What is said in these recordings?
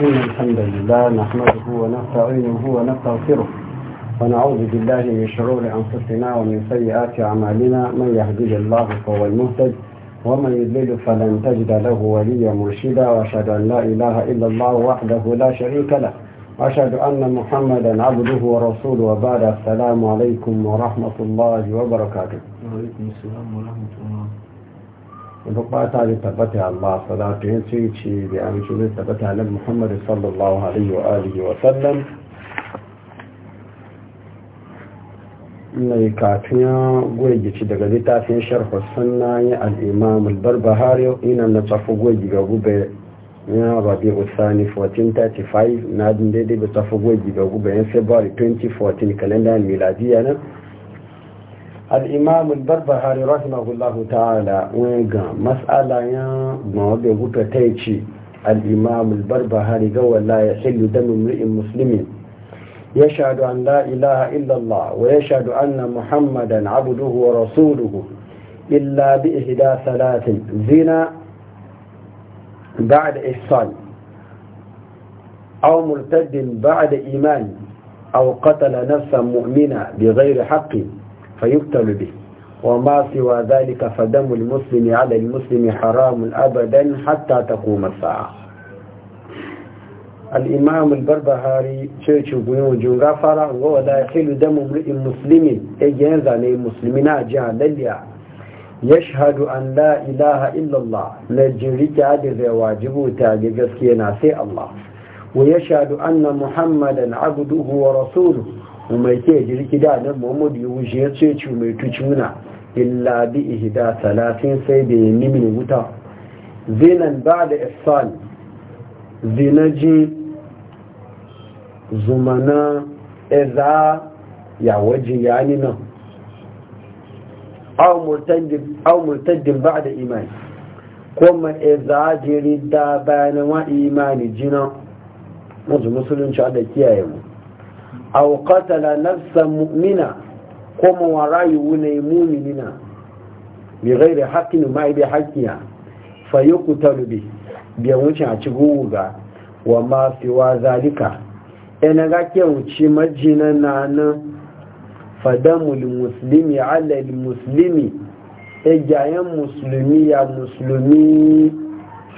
إن الحمد لله نحمده ونستعينه ونستغفره ونعوذ بالله من شرور أنفسنا ومن سيئات أعمالنا من يهدي الله فهو المهتد ومن يضلل فلن تجد له وليا مرشدا وأشهد أن لا إله إلا الله وحده لا شريك له وأشهد أن محمدا عبده ورسوله وبعد السلام عليكم ورحمة الله وبركاته وعليكم السلام ورحمة الله bukata da tabbata Allah salatu ya ce ce da amince da tabbata nan Muhammadu sallallahu alaihi wa alihi wa sallam mai katiya gwaji daga littafin sharh sunna ya al-Imam al-Barbahari ina na tafi gwaji ga gube ya rabi usani 1435 na din daidai da tafi gwaji ga gube yan February 2014 kalendar miladiya na الإمام البربهاري رحمه الله تعالى وينقى مسألة ينقى بغتتيشي الإمام البربهاري قوى لا يحل دم امرئ مسلم يشهد أن لا إله إلا الله ويشهد أن محمدا عبده ورسوله إلا بإهدى ثلاث زنا بعد إحصان أو مرتد بعد إيمان أو قتل نفسا مؤمنة بغير حق فيقتل به وما سوى ذلك فدم المسلم على المسلم حرام أبدا حتى تقوم الساعة الإمام البربهاري شيخ بيون جنغافرة وهو لا يحل دم امرئ مسلم إجهاز عليه المسلمين جهل لليا يشهد أن لا إله إلا الله نجريك عدد واجب تاجي قسكينا سي الله ويشهد أن محمدا عبده ورسوله mai ke jirgi da nan muhammadu ya wuce ya ce ci mai muna illa bi ihda talatin sai da ya yi min wuta zinan ba da ihsan zinaji zumana eza ya waje ya ni nan aw murtaddin ba da imani kuma eza jirida bayanin wa imani jina musu musulunci da kiyaye mu aw qatala nafsan mu'mina ko mawa rayuwa ne mu'minina bi ghairi haqqin ma bi haqqiya fa yuqtalu bi biya wucin a cikin ga wa ma siwa zalika ina ga ke wuce majina na nan fadamul muslimi ala muslimi ejayen musulmi ya musulmi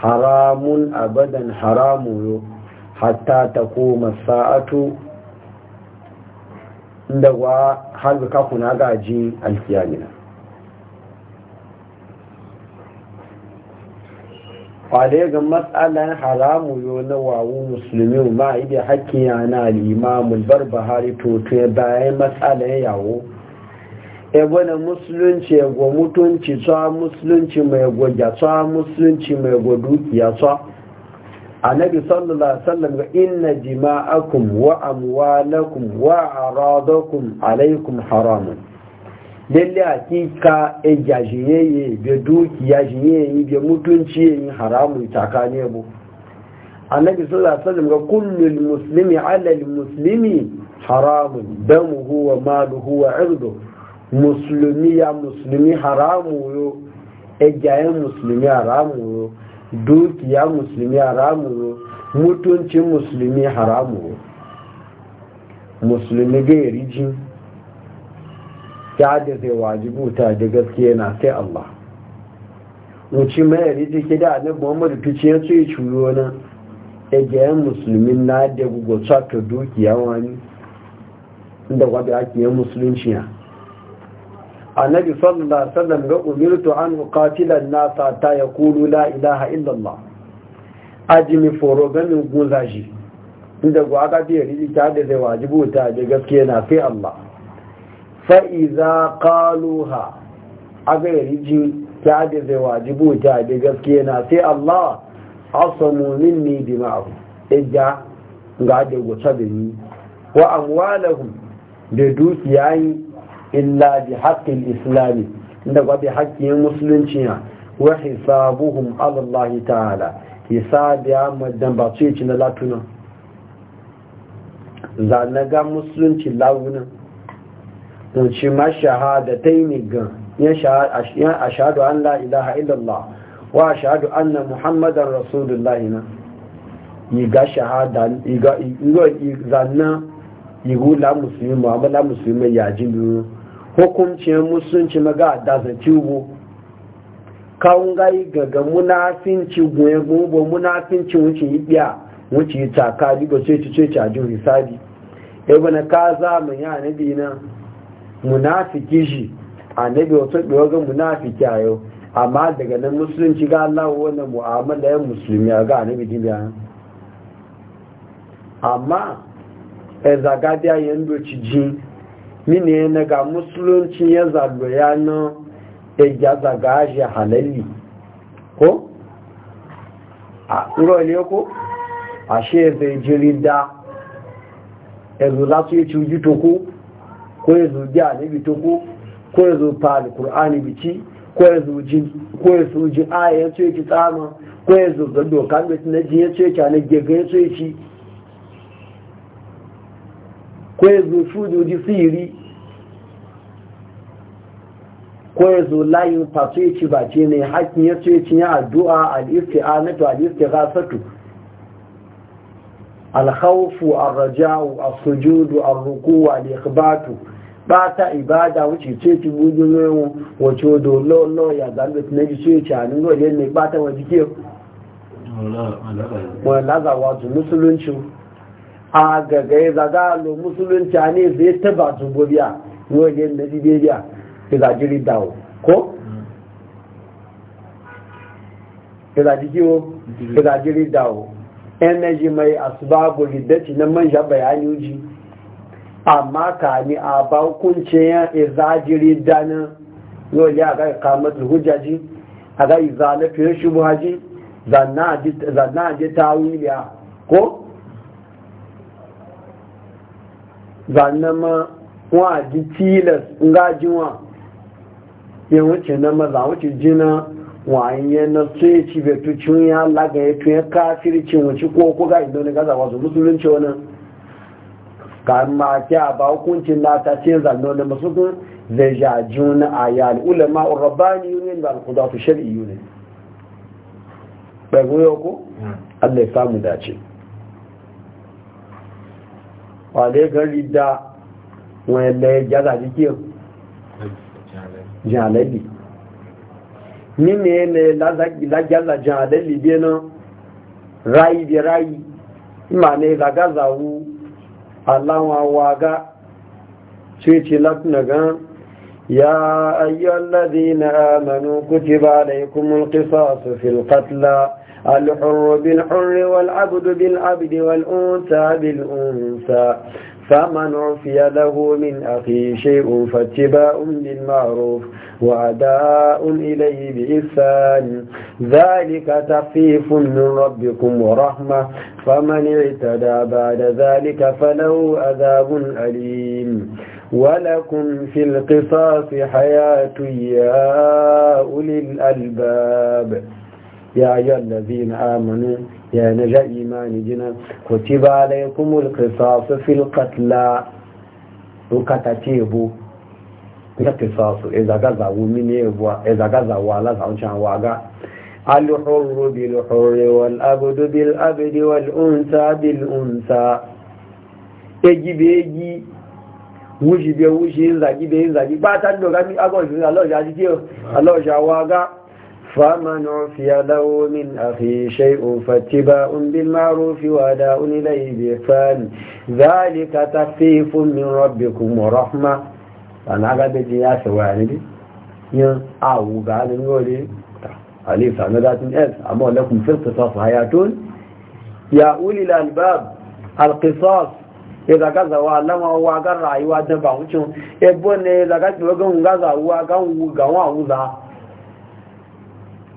haramun abadan haramu hatta ta koma sa'atu da wa har kaku na gaji alkiyamina kwale ga matsalar haramu yo na wawu musulmi ma ibe hakkin yana limamul barbahari toto ya bayan matsalan yawo ebe na musulunci ya gwa mutunci tsawa musulunci mai gwa gyatsa musulunci mai gwa dukiya tsawa annabi sallallahu alaihi wasallam ga inna jima'akum wa amwalakum wa aradakum alaikum haramun lalle a e jajiyeye da dukiya jiyeye da mutunci yin haramun takane bu annabi sallallahu alaihi wasallam ga kullul muslimi ala al muslimi haramun damu huwa malu huwa irduhu musulmi ya musulmi haramu yo ejayen musulmi haramu yo dukiya musulmi haramu mutuncin musulmi haramu musulmi gairi jin ya da zai wajibuta da gaskiya na sai Allah wuce mai rije ke da annabi Muhammad fice ya ce curo na egeyen musulmi na da gugu ta dukiya wani inda wadda ake yin musulunci ya annabi sallallahu alaihi wasallam ga umirtu an uqatila an-nasa ta yaqulu la ilaha illa Allah ajimi foro ga min guzaji inda go aka ce riji ta da zai wajibu ta da gaskiya na sai Allah fa iza qaluha aga riji ta da zai wajibu ta da gaskiya na sai Allah asamu minni dima'u idda ga da gota da ni wa amwalahum da dukiyayi illa bi haqqil islami inda kwa bi haqqin musulunci ya wa hisabuhum ala Allah ta'ala hisabi amma dan ba ce ci na latuna za na ga musulunci lawuna mun ci ma ta ga ya shahada ashhadu an la ilaha illallah wa ashhadu anna muhammadan rasulullah na yiga shahada yiga yiga zanna yigo la musulmi muhammad la musulmi ya jinu hukuncin musulunci maga da zaci ubu kawun gayi gaga munafinci goye gobe munafinci wuce yi biya wuce yi takari ba sai ce ce a jin hisabi ebe na ka za mu yi anabi na munafiki shi anabi wato ɗaya ga munafiki a yau amma daga nan musulunci ga Allah wannan mu'amala yan musulmi a ga anabi din biya amma e zagadiya yan doci jin mine na ga musulunci ya zalo ya e na ya zaga shi halalli ko? a role e ko? a zai jiri da yanzu za su yi ko yanzu e biya ne ko yanzu fali kur'ani bici ko yanzu jin aya ya ce tsama ko yanzu zando kan na jin a na gegan ko ya zo shujoji siri ko ya zo layin fasuici ba ce ne hakin ya ce cinye addu'a al'isti to al'isti'anatu al'isti'asatu alhaufu arraja'u asujudu arruku al'ikhbatu ba ta ibada wuce ce ci gudun rewu wace odo lọ́lọ́ ya zambe ti na ji ce ci hannun lọ́lọ́ ne ba ta wajen ke wọn lázàwà su musulunci a gagai zaga lo musulunci ne zai taba zubobiya wajen na jibiriya ya zajiri dawo ko? ya zaji ya zajiri dawo energy mai asibabu liddaci na manja bayani uji amma ka ni a bakunce ya zajiri danin yau ya ga kamatar hujjaji a ga izalafiyar shubuhaji zanna ta wuliya ko? zanama wa di tilas ngajiwa ya wuce na maza wuce jina wanye na tsaye ci bai tucin ya laga ya tuye kafircin wuce ko ga idan ne gaza wasu musulunci wani ka ma ki a ba hukuncin na ta ce zanno na masu kun zai jajun a yani ulama urabani yunin da alkudatu shari'i yunin ba goyo ko hmm. Allah ya samu dace ọ̀ jẹ́ da wani laye jaza jike jẹ́ nime ne lajaza jalabi biya nan rayi biya rayi ima ne lagaza wu tí waga ti latina gan Ya يا أيها الذين آمنوا كتب عليكم القصاص في القتلى الحر بالحر والعبد بالعبد والأنثى بالأنثى فمن عفي له من أخيه شيء فاتباء بالمعروف وأداء إليه بإحسان ذلك تخفيف من ربكم ورحمة فمن اعتدى بعد ذلك فله عذاب أليم ولكم في القصاص حياة يا أولي الألباب ya yau da zai na amani ya ni ra imani jina ku ti ba da ya kuma rikisa su filkatla rukata tebo ya kisa su izagaza wumi ne yabuwa izagaza wala za wancan waga الحر بالحر والعبد بالعبد والأنثى بالأنثى إيجي بيجي وجي بيجي إنزا جي بيجي إنزا جي باتا دوغا مي أقول الله جاجي تيو الله جاوغا فمن عفي له من أخي شيء فاتباع بالمعروف وأداء إليه بإحسان ذلك تخفيف من ربكم ورحمة أنا قاعد أجي يا سواني دي يا أو قاعد نقول أليس أنا ذات ألف أما لكم في القصاص حياة يا أولي الألباب القصاص إذا كذا وعلم هو قرع يوعد نبعه إبن إذا كذا وقم قذا وقم وقم وقم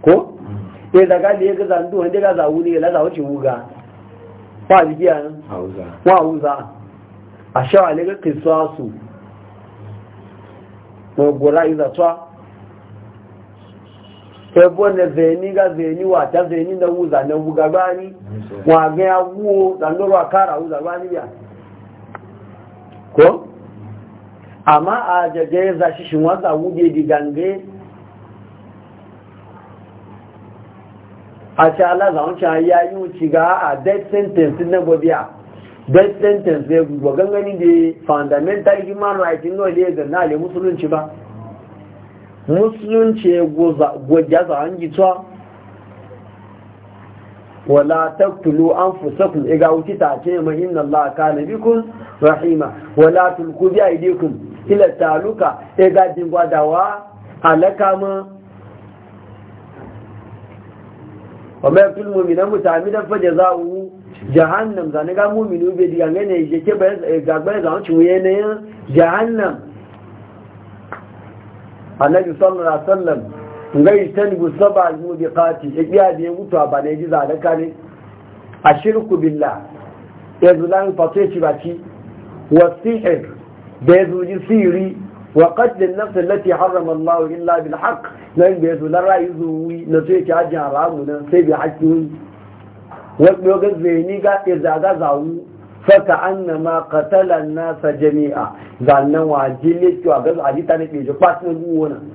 ko ya eh, daga ne ga zandu wanda ga zawu ne la zawu wuga wa biya hauza wa wuza. a shawa ne ga kisasu ko gora iza twa ebo ne zeni ga zeni wa ta zeni na wuza na wuga bani wa ga ya wuo zandoro akara wuza bani biya ko amma a jage za shi shin wanda wuge digange a ce Allah zaun cewa ya yi wuce ga a death sentence na gobiya death sentence ne gugu gangani da fundamental human rights in wani ya zanna ale musulunci ba musulunci ya gwaja za an gitsuwa wala taktulu an fusakun iga wuce ta ce ma inna Allah ka nabikun rahima wala tulku bi aidikum ila taluka iga dawa alaka ma وما يقتل مؤمنا متعمدا فجزاؤه جهنم زان ga mu'minu be diga ngene je ke ba e ga ba za ci wuye ne jahannam annabi sallallahu alaihi wasallam ngai tan bu saba mubiqati ikiya e da mutu ba ne ji zalaka ne ashirku billah ya e zulan ba baki wasihir da ya zuji sirri. wa qatlin nafs allati harrama Allah illa bil haqq nan be zo la rayu zuwi na sai ki ajin haramu nan sai bi haƙi wa dogan zeni ga ke zaga zawu fa annama qatala an-nas jami'a zannan wajili ki wa ga ajita ne ke pat na guwo nan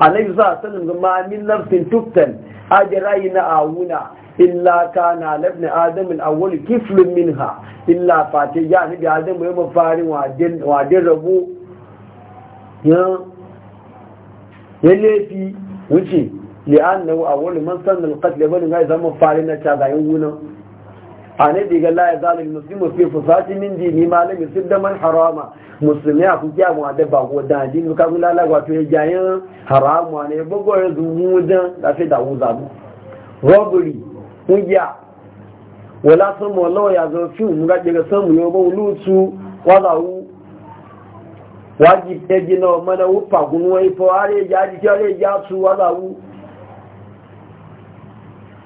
annabi sallallahu alaihi wasallam ma min nafsin tuktan ajira ina awuna illa kana labni adam al-awwal kiflun minha illa fati ya ni adam ya mafarin wadin wadin rabu ya yalle fi wuce li'annahu awwal man sanna al-qatl bani ga zama farin na ta zayin guna ane diga la ya zalim muslimu fi fusati min dini ma lam yusib da man harama muslimi a kuke mu da ba ko dan din ka kula la wato ya jayin haramu ne bugo ya zumu dan da fi da wuzabu robbery kungiya wala san mu wallahi ya zo fi mu ga daga san mu yobo lutu wala wu waji eji na mana wu pagunu wai fo are ya ji kare ya su wala wu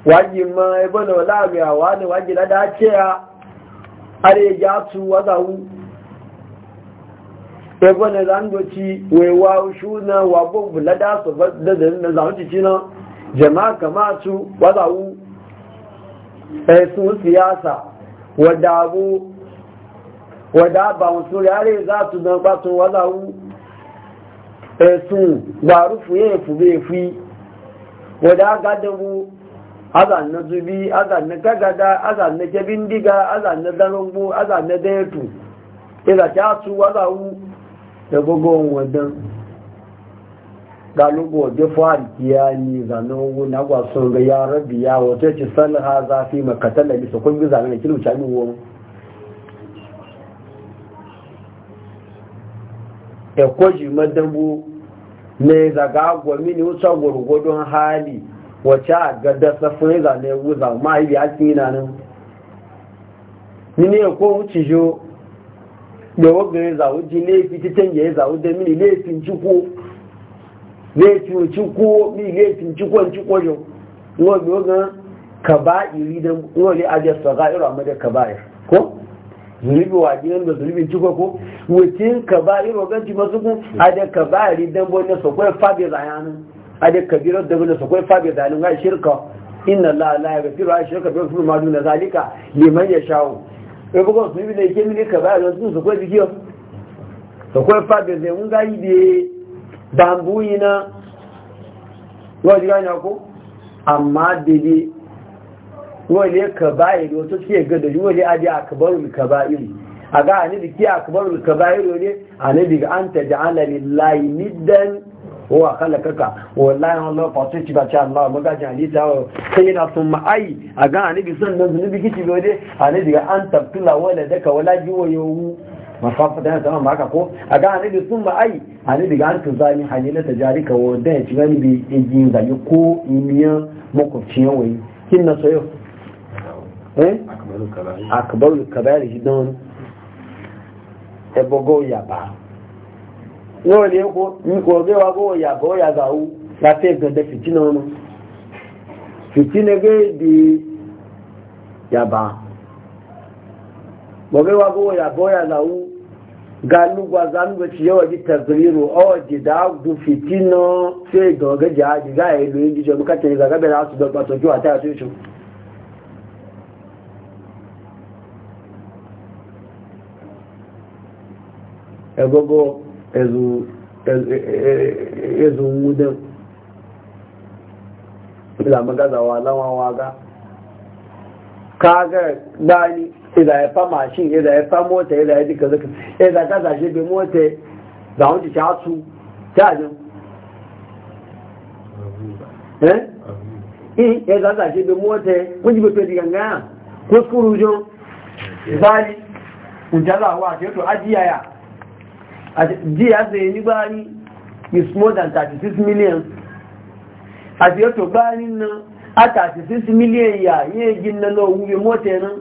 waji ma ebo na wala ga wa ne waji e da da ce ya are ya su wala wu ebo na zangoci wai wa shuna wa bubu lada so da da zangoci na jama'a kama su wala su siyasa wadda abu wadda ba wasu yare za su don ɓato wadda wu sun gbaru fuye fube fi wadda gadabu azan na zubi azan na gagada azan na kebin diga azan na darogbo azan na dayatu ila ta su wadda wu da gogon wadda ɗalubu waje fari kiya ni zanen wuna gwason ga ya rabi ya wata ci salha zafi makatan da bisa kun bi zanen da kilo cami wo ya e koji madabu ne zaga gwami ne wuce gwargwadon hali wacce a gada safin zane wuza ma yi biya kina nan ni e ne ko wuce jo da wagga ya zawo ji laifin titan ya zawo da mini laifin ciko laifin ciko mi laifin cikon ciko yau ngo biyo ga kaba'iri dan ngo ne aje sagairu amma da kaba'ir ko zulubi wa gidan da zulubin ciko ko wucin kaba'iru ga ci masu kun aje kaba'iri dan bo ne sokwai fabi zayanin aje kabira da ne sokwai fabi zayanin ga shirka inna allaha la yaghfiru an shirka bi yaghfiru ma duna zalika liman yasha'u e bugo zulubi ne ke mini kaba'ir sun sokwai bigiyo sokwai fabi zayanin ga yi bambu yana wani ko amma dede wani ka bayi da wata ce gada yi wani adi a kabarul kaba'iri a ga a nidi ki a kabarul kaba'iri ne a nidi ga an ta ji lillahi niddan wa khalaqaka wallahi Allah fa ci ba cha Allah maga jani ta sai na sun ma'ai a ga anabi sannan zunubi kici gode anabi ga an tabtula wala daka wala jiwa yawu mafafata na sama maka ko a ga anabi sun ma'ai ani daga an tuza ni hanyar na tajari ka wo ya ci gani bi igi zagi ko imiyan makwabcin yawai kin na soyo eh akabaru kabari shi don ya ba ne ko ni ko wa go ya ya ga da fitina wani fitina ga di ya ba wa go ya ya galuwa zanuwa ci yawa bi tabriru awa ji gu fitino sai gaga ji ga ilu yin jijo muka ce gaga su kiwa ta yasu shi egogo ezu mudan e, e, e, ila magazawa lawan waga kaga dani idan ya fa mashin idan ya fa mota idan ya ji kaza idan ka zashe bai mota da wani ta su ta jin eh idan ka zashe bai mota kun ji bai fadi ganga ko skuru jo bali kun jala wa ke to ajiya ya ajiya zai ni bari is more than 36 million ajiya to bari nan a 36 million ya yi gin na lo wuri mota nan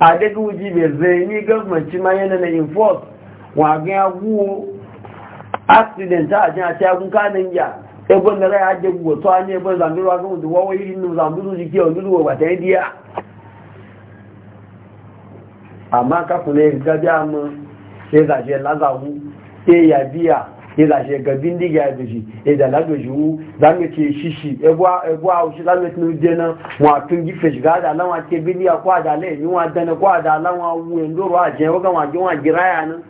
a daga uji bai zai ni gwamnati ma yana na enforce wagen agwo accident a jin a ta gun kanin ya egon da rai hajji gugu to an yi ban zambiru akan wuce wawa yi nu zambiru jiki wani ruwa ba ta yi diya amma kafin ne gabi amma sai zaje lazawu sai ya biya ya zashe ga bindiga ya doshi da la doshi wu za mu ce shishi ebu a wuce za mu tunu dena wa tun gife shiga da lan wa ce bindiga ko da da wu en doro a je wa jin wa giraya nan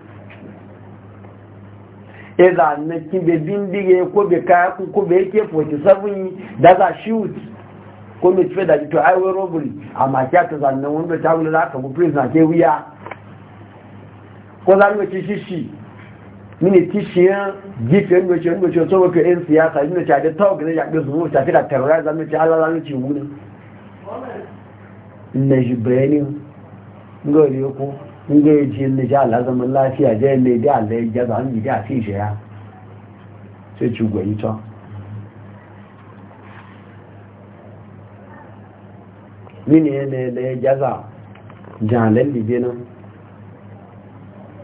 ya za na kin be ko be ke 47 da za shoot ko me tfe da to ai we robbery ta wuya ko za mu shishi mini kishiyan gifiyar mace wani mace sun waka yin siyasa yin mace da tawo gane yaƙi zuwa tafi da tarwara za mace ala za mace wuni na shi ga ala lafiya ala ya gaza an fi ya sai ci gwai ta mini ya gaza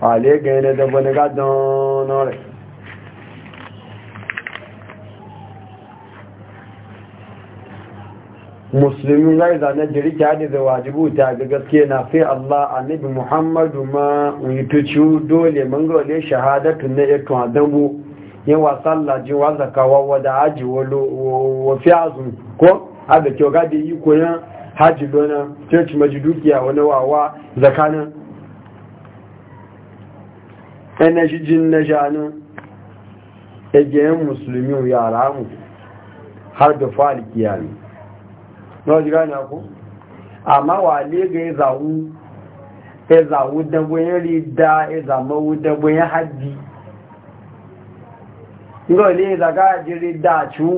ale ga yana da wani gadon nore musulmi zai zane jirgi hadi da wajibu ta ga gaske na fi Allah annabi Muhammadu ma wituci dole mun gole shahadatun na yato adabu yin sallaji wa wasa wa da haji wa fi azun ko abu kyau gadi yi koyan haji lona church majidukiya wani wawa zakanan ẹnẹ ṣí jí nẹ ṣánú ẹgbẹ̀ musulmi yàrá mù har da fàálì kìyàmì wọ́n jí gánà kú àmá wà lẹ́gbẹ̀ ẹzàwú ẹzàwú dẹgbẹ̀yẹn rí hajji ngọ́ ilé ìzàgáàjì rí dá àṣíwú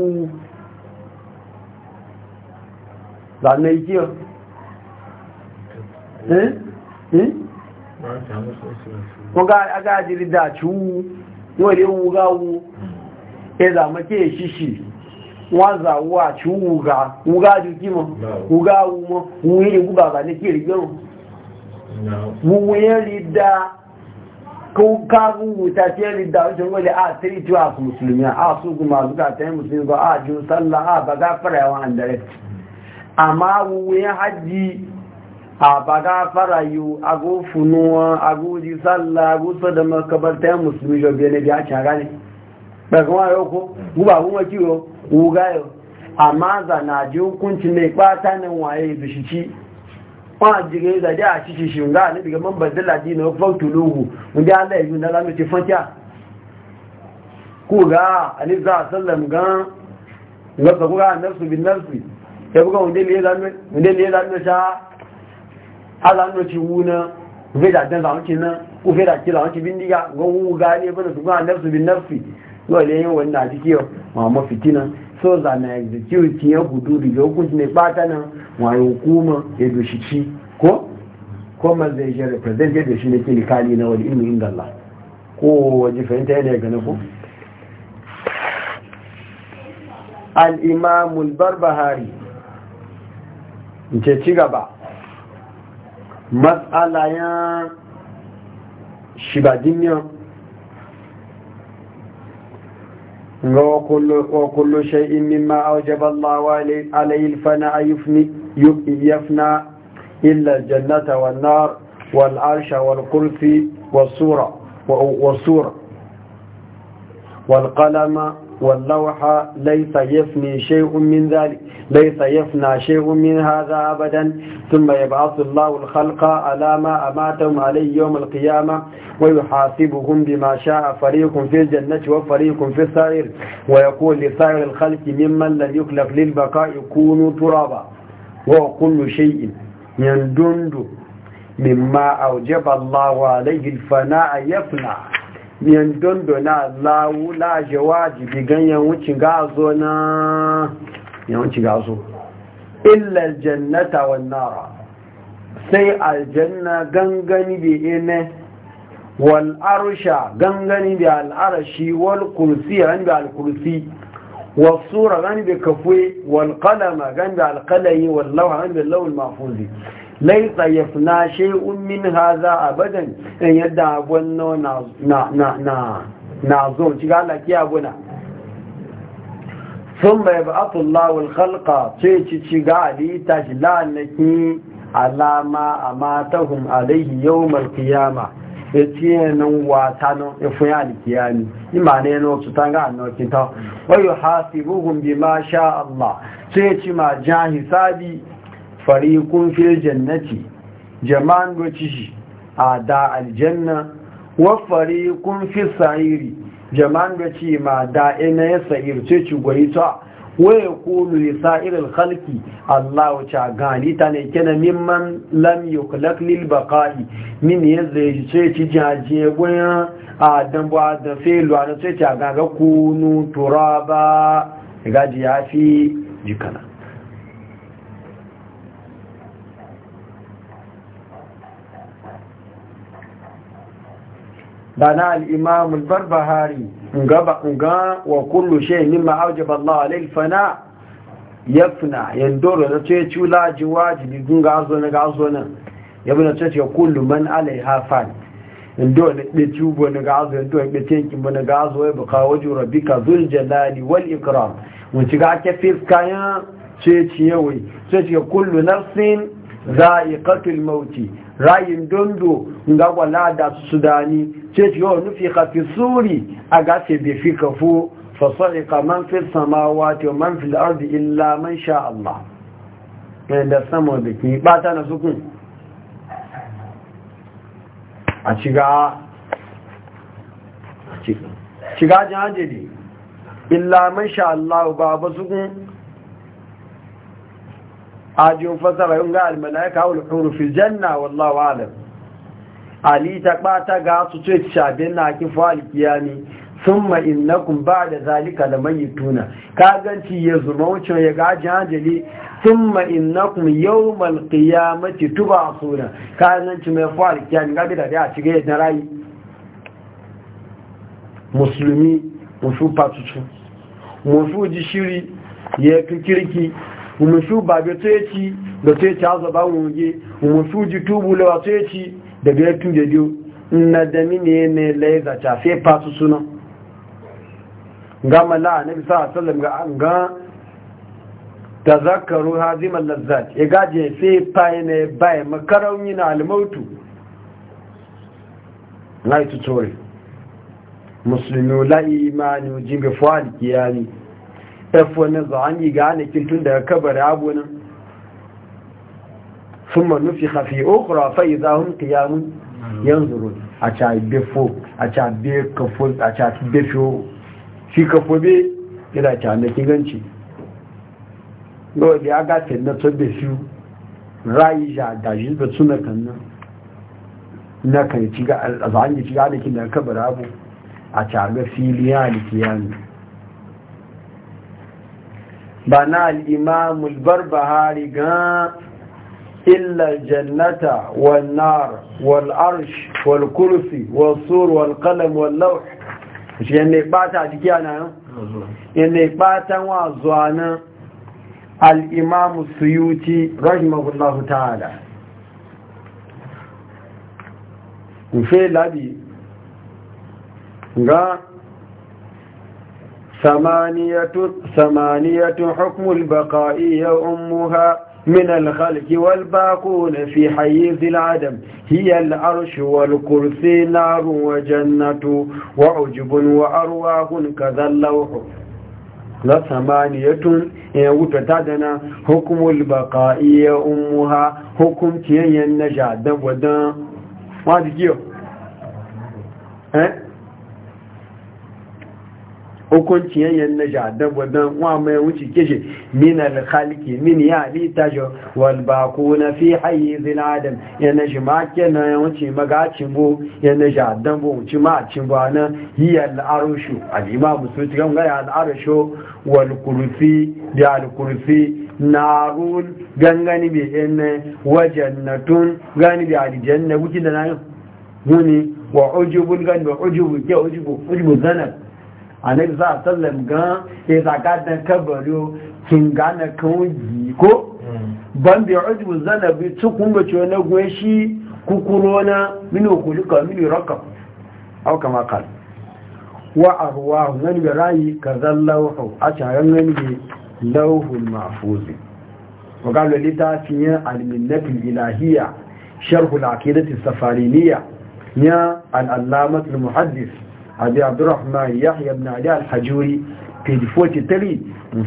lànà ìjí ọ. kuga aga jiri da chu wole wuga wu eza make shishi waza wa chu wuga wuga ju kimo wuga wu mo wuye ku baba ne kiri gbo mu wuye lida ko ka wu ta da lida wajen wole a tiri ju a musulmi a su kuma zuka ta musulmi ba a ju sallah a baga fara yawan direct amma wuye haji abaga farayu agu funuwa agu ji sallah agu sada makabarta musulmi jo biye ne biya ci gane ba kuma yau ko guba kuma yo, uga yau amma za na ji hukunci ne kwata nan waye da shi ci kwa jige da da ci ci shi ga ne daga man badala dina faktu luhu mun da Allah yi na lamu ci fatiya ku ga ali za sallam ga ga ku ga nafsu bin nafsi ya buga mun dai ya da mun dai le da sha alamdo ci wuna veda dan zamu ci nan ku veda ci zamu ci bindiga go wu ga ne bana su ga nafsu bin nafsi yo le yin wanda ci kiyo ma ma fitina so za na execute ya gudu da ga hukunci ne bata nan wa hukuma ya doshi ci ko ko man zai je represent ya doshi ne ke likali na wani ilmu inda Allah ko waje fahimta yana ga ko al-imam al in ce ci gaba مسأله يا شبادين يا وكل وكل شيء مما اوجب الله عليه الفناء يفني يفنى الا الجنه والنار والعرش والكرسي والصوره والصوره والقلم واللوح ليس يفني شيء من ذلك ليس يفنى شيء من هذا أبدا ثم يبعث الله الخلق على ما أماتهم عليه يوم القيامة ويحاسبهم بما شاء فريق في الجنة وفريق في السائر ويقول لسائر الخلق ممن لم يخلق للبقاء كونوا ترابا وكل شيء يندند مما أوجب الله عليه الفناء يفنى yan dondo na lawu jawaji bi ganyen wucin gazo na yan wucin gazo illa aljannata wan nara sai aljanna gangani bi ene wal arsha gangani bi al arshi wal kursi ran bi al kursi wal sura ran bi kafwe wal qalama gangani bi al qalami wal lawha gangani bi al lawh al mahfuz laisa yafna shay'un min a badan. in yadda gwanno na na zo ci gana ki abuna sun bai ba Allahu khalqa sai ci ci ga ali ta shi lanaki alama amatahum alayhi yawm al ya etie nan wata ya no na wasu ta ga no tutanga wayo hasi wa bi ma sha Allah sai ci ma jahisabi fariƙun fil jannati jama'an doci shi a da aljanna wa fariƙun fil sa'iri jama'an doci ma da ina ya sa'ir ce ci ta waye yaqulu li sa'iril khalqi Allah a gani ta ne kena mimman lam yuklaq lil baqa'i min zai ce ci jaje gwayan adam ba da felu an ce a ga kunu turaba gaji ya fi jikana bana al-imam al-barbahari ngaba nga wa kullu shay ma awjaba Allah alayhi fana yafna yandoro da ce chula ji wajibi gunga azo na ga azo na yabu na ce kullu man alaiha fan ndo ne be tubo na ga yadda ndo be tenki mo na ga azo e rabi waju rabbika dhul jalali wal ikram mun ci ga ke fiskaya ce ciye wai ce ce kullu nafsin za'iqatul mauti rayin dondo ga wala da sudani ce ce yau nufi khafi suri a gafe bai fi kafu fa sa'iqa man fi samawati wa man fil arzi illa man sha Allah ɗaya da sama da ke ɓata na sukun a ciga ciga jihajiri illa man sha Allah ba ba sukun ajiyun fasara yun ga almalaika wal huru fi janna wallahu alam ali ta bata ga su ce shabin na ki fa alkiyami thumma innakum ba'da zalika lamaytuna ka ganci ya zuma wucin ya ga jahili thumma innakum yawm alqiyamati tub'asuna ka ganci mai fa alkiyami ga da ci da rai musulmi musu patutu musu shiri ya kirki umushu ba ga tsoyaci da tsoyaci haza zaba wunge umushu ji tubu lewa teci da ga yakin da biyu na da mini ne laiza ta sai fasu suna gama la na bisa tsallam ga an ga tazakkaru haziman lazzat ya gaje sai fayi ne bai makarauni na almautu na yi tutori musulmi la'imani jimbe fuwa da kiyani ɗafo na zuwani ga anakin tun daga kabari abunan sun manufi hafi okura fai za hun kiyamun yanzu a ca befo a ca befo a ca befo fi kafo be ila ca na kiganci yau da ya gafe na to befiyu rayu ya daji da suna kanna na kan ci ga alazani ci ga anakin da kabari abu a ca ga fili ya alikiyamun Bana na al'imamul barbahari gan illar jannata wal nar wal arsh wal kursi wal sur wal qalam wal lawh shi ne bata jiki ana nan ne batan wa zuwa nan al-imam suyuti rahimahullahu ta'ala ku fe labi ga ثمانية ثمانية حكم البقاء أمها من الخلق والباقون في حيز العدم هي العرش والكرسي نار وجنة وعجب وأرواح كذا اللوح لا ثمانية إيه، وتتادنا حكم البقاء أمها حكم تيين نجا دم ودم ما تجيو ها إيه؟ hukunci yanyan na ja dabbadan wa mai wuce kishi min alhalki min ya halitta shi walbaku na fi hayi ziladin yana shi make na ya wuce magacin bu ya na ja bu wuce macin bu na yi al'arushu al'imamu musu ci gan gaya al'arushu walkurfi da alkurfi na rul gangani bai yana tun gani bai alijanna wuce da na yi muni wa ujubun gani ba ujubu ke ujubu zanar annabi hmm. za a sallam gan ya zaga dan kabaro kin kan yi ko ban bi ujubu zanabi tukun ba ciwo na gwe shi kukuro na kulika minu raka au kama kan wa arwahu nan ga rayi kazan lauhu a cayan nan ga lauhul mahfuzi wa ga lalita fiye alminnatul ilahiyya sharhul aqidati safariniya ya al-allamatul muhaddis abi abdurrahman yahya ibn ali al-hajuri page 43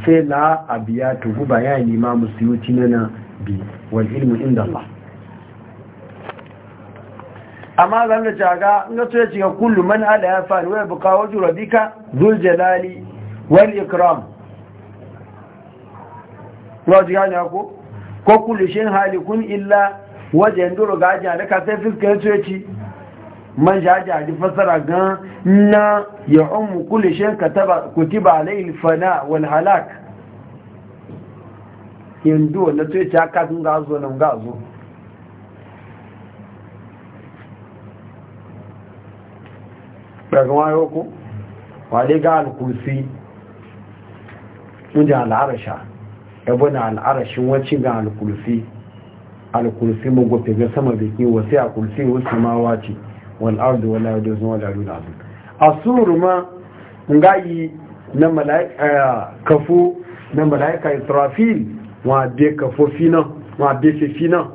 fe la abiyatu hu bayan imam suyuti nana bi wal ilmu inda allah amma zan da jaga ga to ya ci ga kullu man ala ya fa wa buka wajhu rabbika dhul jalali wal ikram waji ne ko ko kullu shin halikun illa wajen duru gaja da ka sai fiskar ya man jaja ji fasara gan na ya ummu kulli shay kutiba alayhi al-fana wal halak yanzu wanda to ya ka sun ga zo nan ga zo daga wayo ko wale ga al-kursi tunja al-arsha yabuna al-arshin wacin ga al-kursi al-kursi mu gofe ga sama biki wasi al-kursi wasu mawaci wal ardu wala yaduzun wala yaduna azim asuru ma ngayi na malaika ya kafo na malaika ya israfil wa be kafo fina wa be fina sun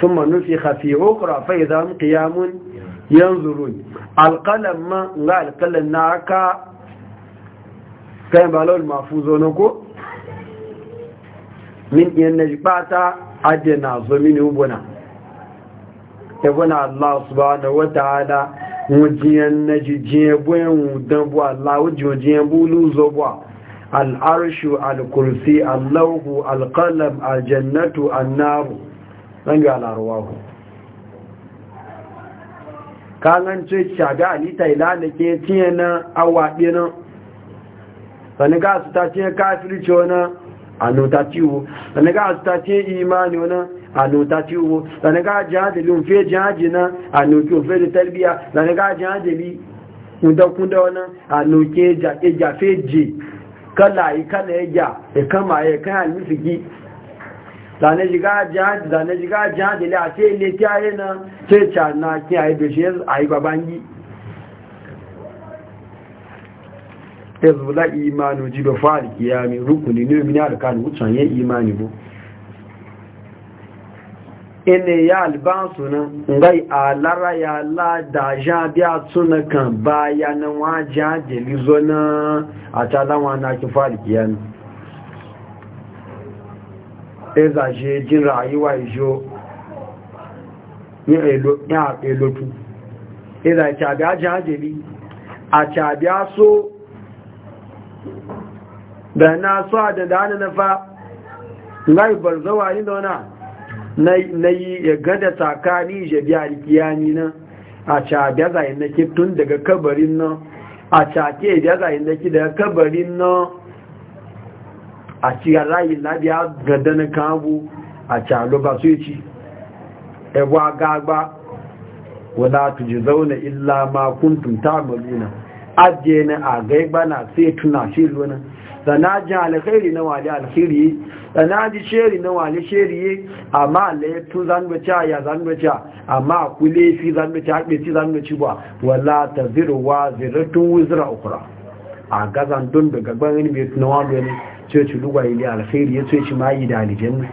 thumma nufikha fi ukhra fa idha kiyamun yanzu yanzurun alkalan ma nga alkalan alqalam naka kayan balawul mafuzo na ko min yan najbata adina zomini ubona ebona allah subhanahu wa ta'ala wujiyan na jijiyan buyan wudan bu allah wujiyan bu luzo bu al'arshu al-kursi allahu al'jannatu, qalam al-jannatu an-naru rangi al'arwahu kanan ce shaga alita da ke tiye na awa awaɗe na wani gasu ta ce kafirci wani annotaciwo wani gasu ta ce imani wani alota ti wo lana ga jihadili ofe jihadi na aloke ofe da tarbiya lana ga jihadili kunda-kunda wani aloke eja feji kala ikana eja ikama ya kan alifiki lana jiga jihadi lana jiga jihadili a ce ile ti aye na ce cana ki a yi doshe a yi babangi ezula imanu jibe fa'al kiyami rukuni ne min alkan wucin ya imani bu ene ya albansu na, ngai a lara ya la da ja biya tuna kan ya na wajen jeli zona a talawa na kifar kiyan eza je jin rayuwa ijo ni elotu eza cabi a jan jeli e a cabi a so da na so a da da na fa ngai barzawa ni dona na yi gada tsakani ya biya alkiyani na a cabe zayin na ke tun daga kabarin nan a cake biya zayin na ke daga kabarin nan a cikin rayin labiya gada na kanabu a calo ba su ci ewa gagba wala tuji zaune illa ma kuntum ta ajiye na a na sai tuna shi lunan sanajin alkhairi na wale alkhairi ji sheri na wale sheri amma laitu zanbaca ya zanbaca amma kule fi zanbaca haɗe ci zanbaci ba wala ta zirwa ziratun wuzira ukura a gazan don da gaban yin mai tunawa da ne ce ci duwa ile alkhairi ya ce ci ma yi da alijan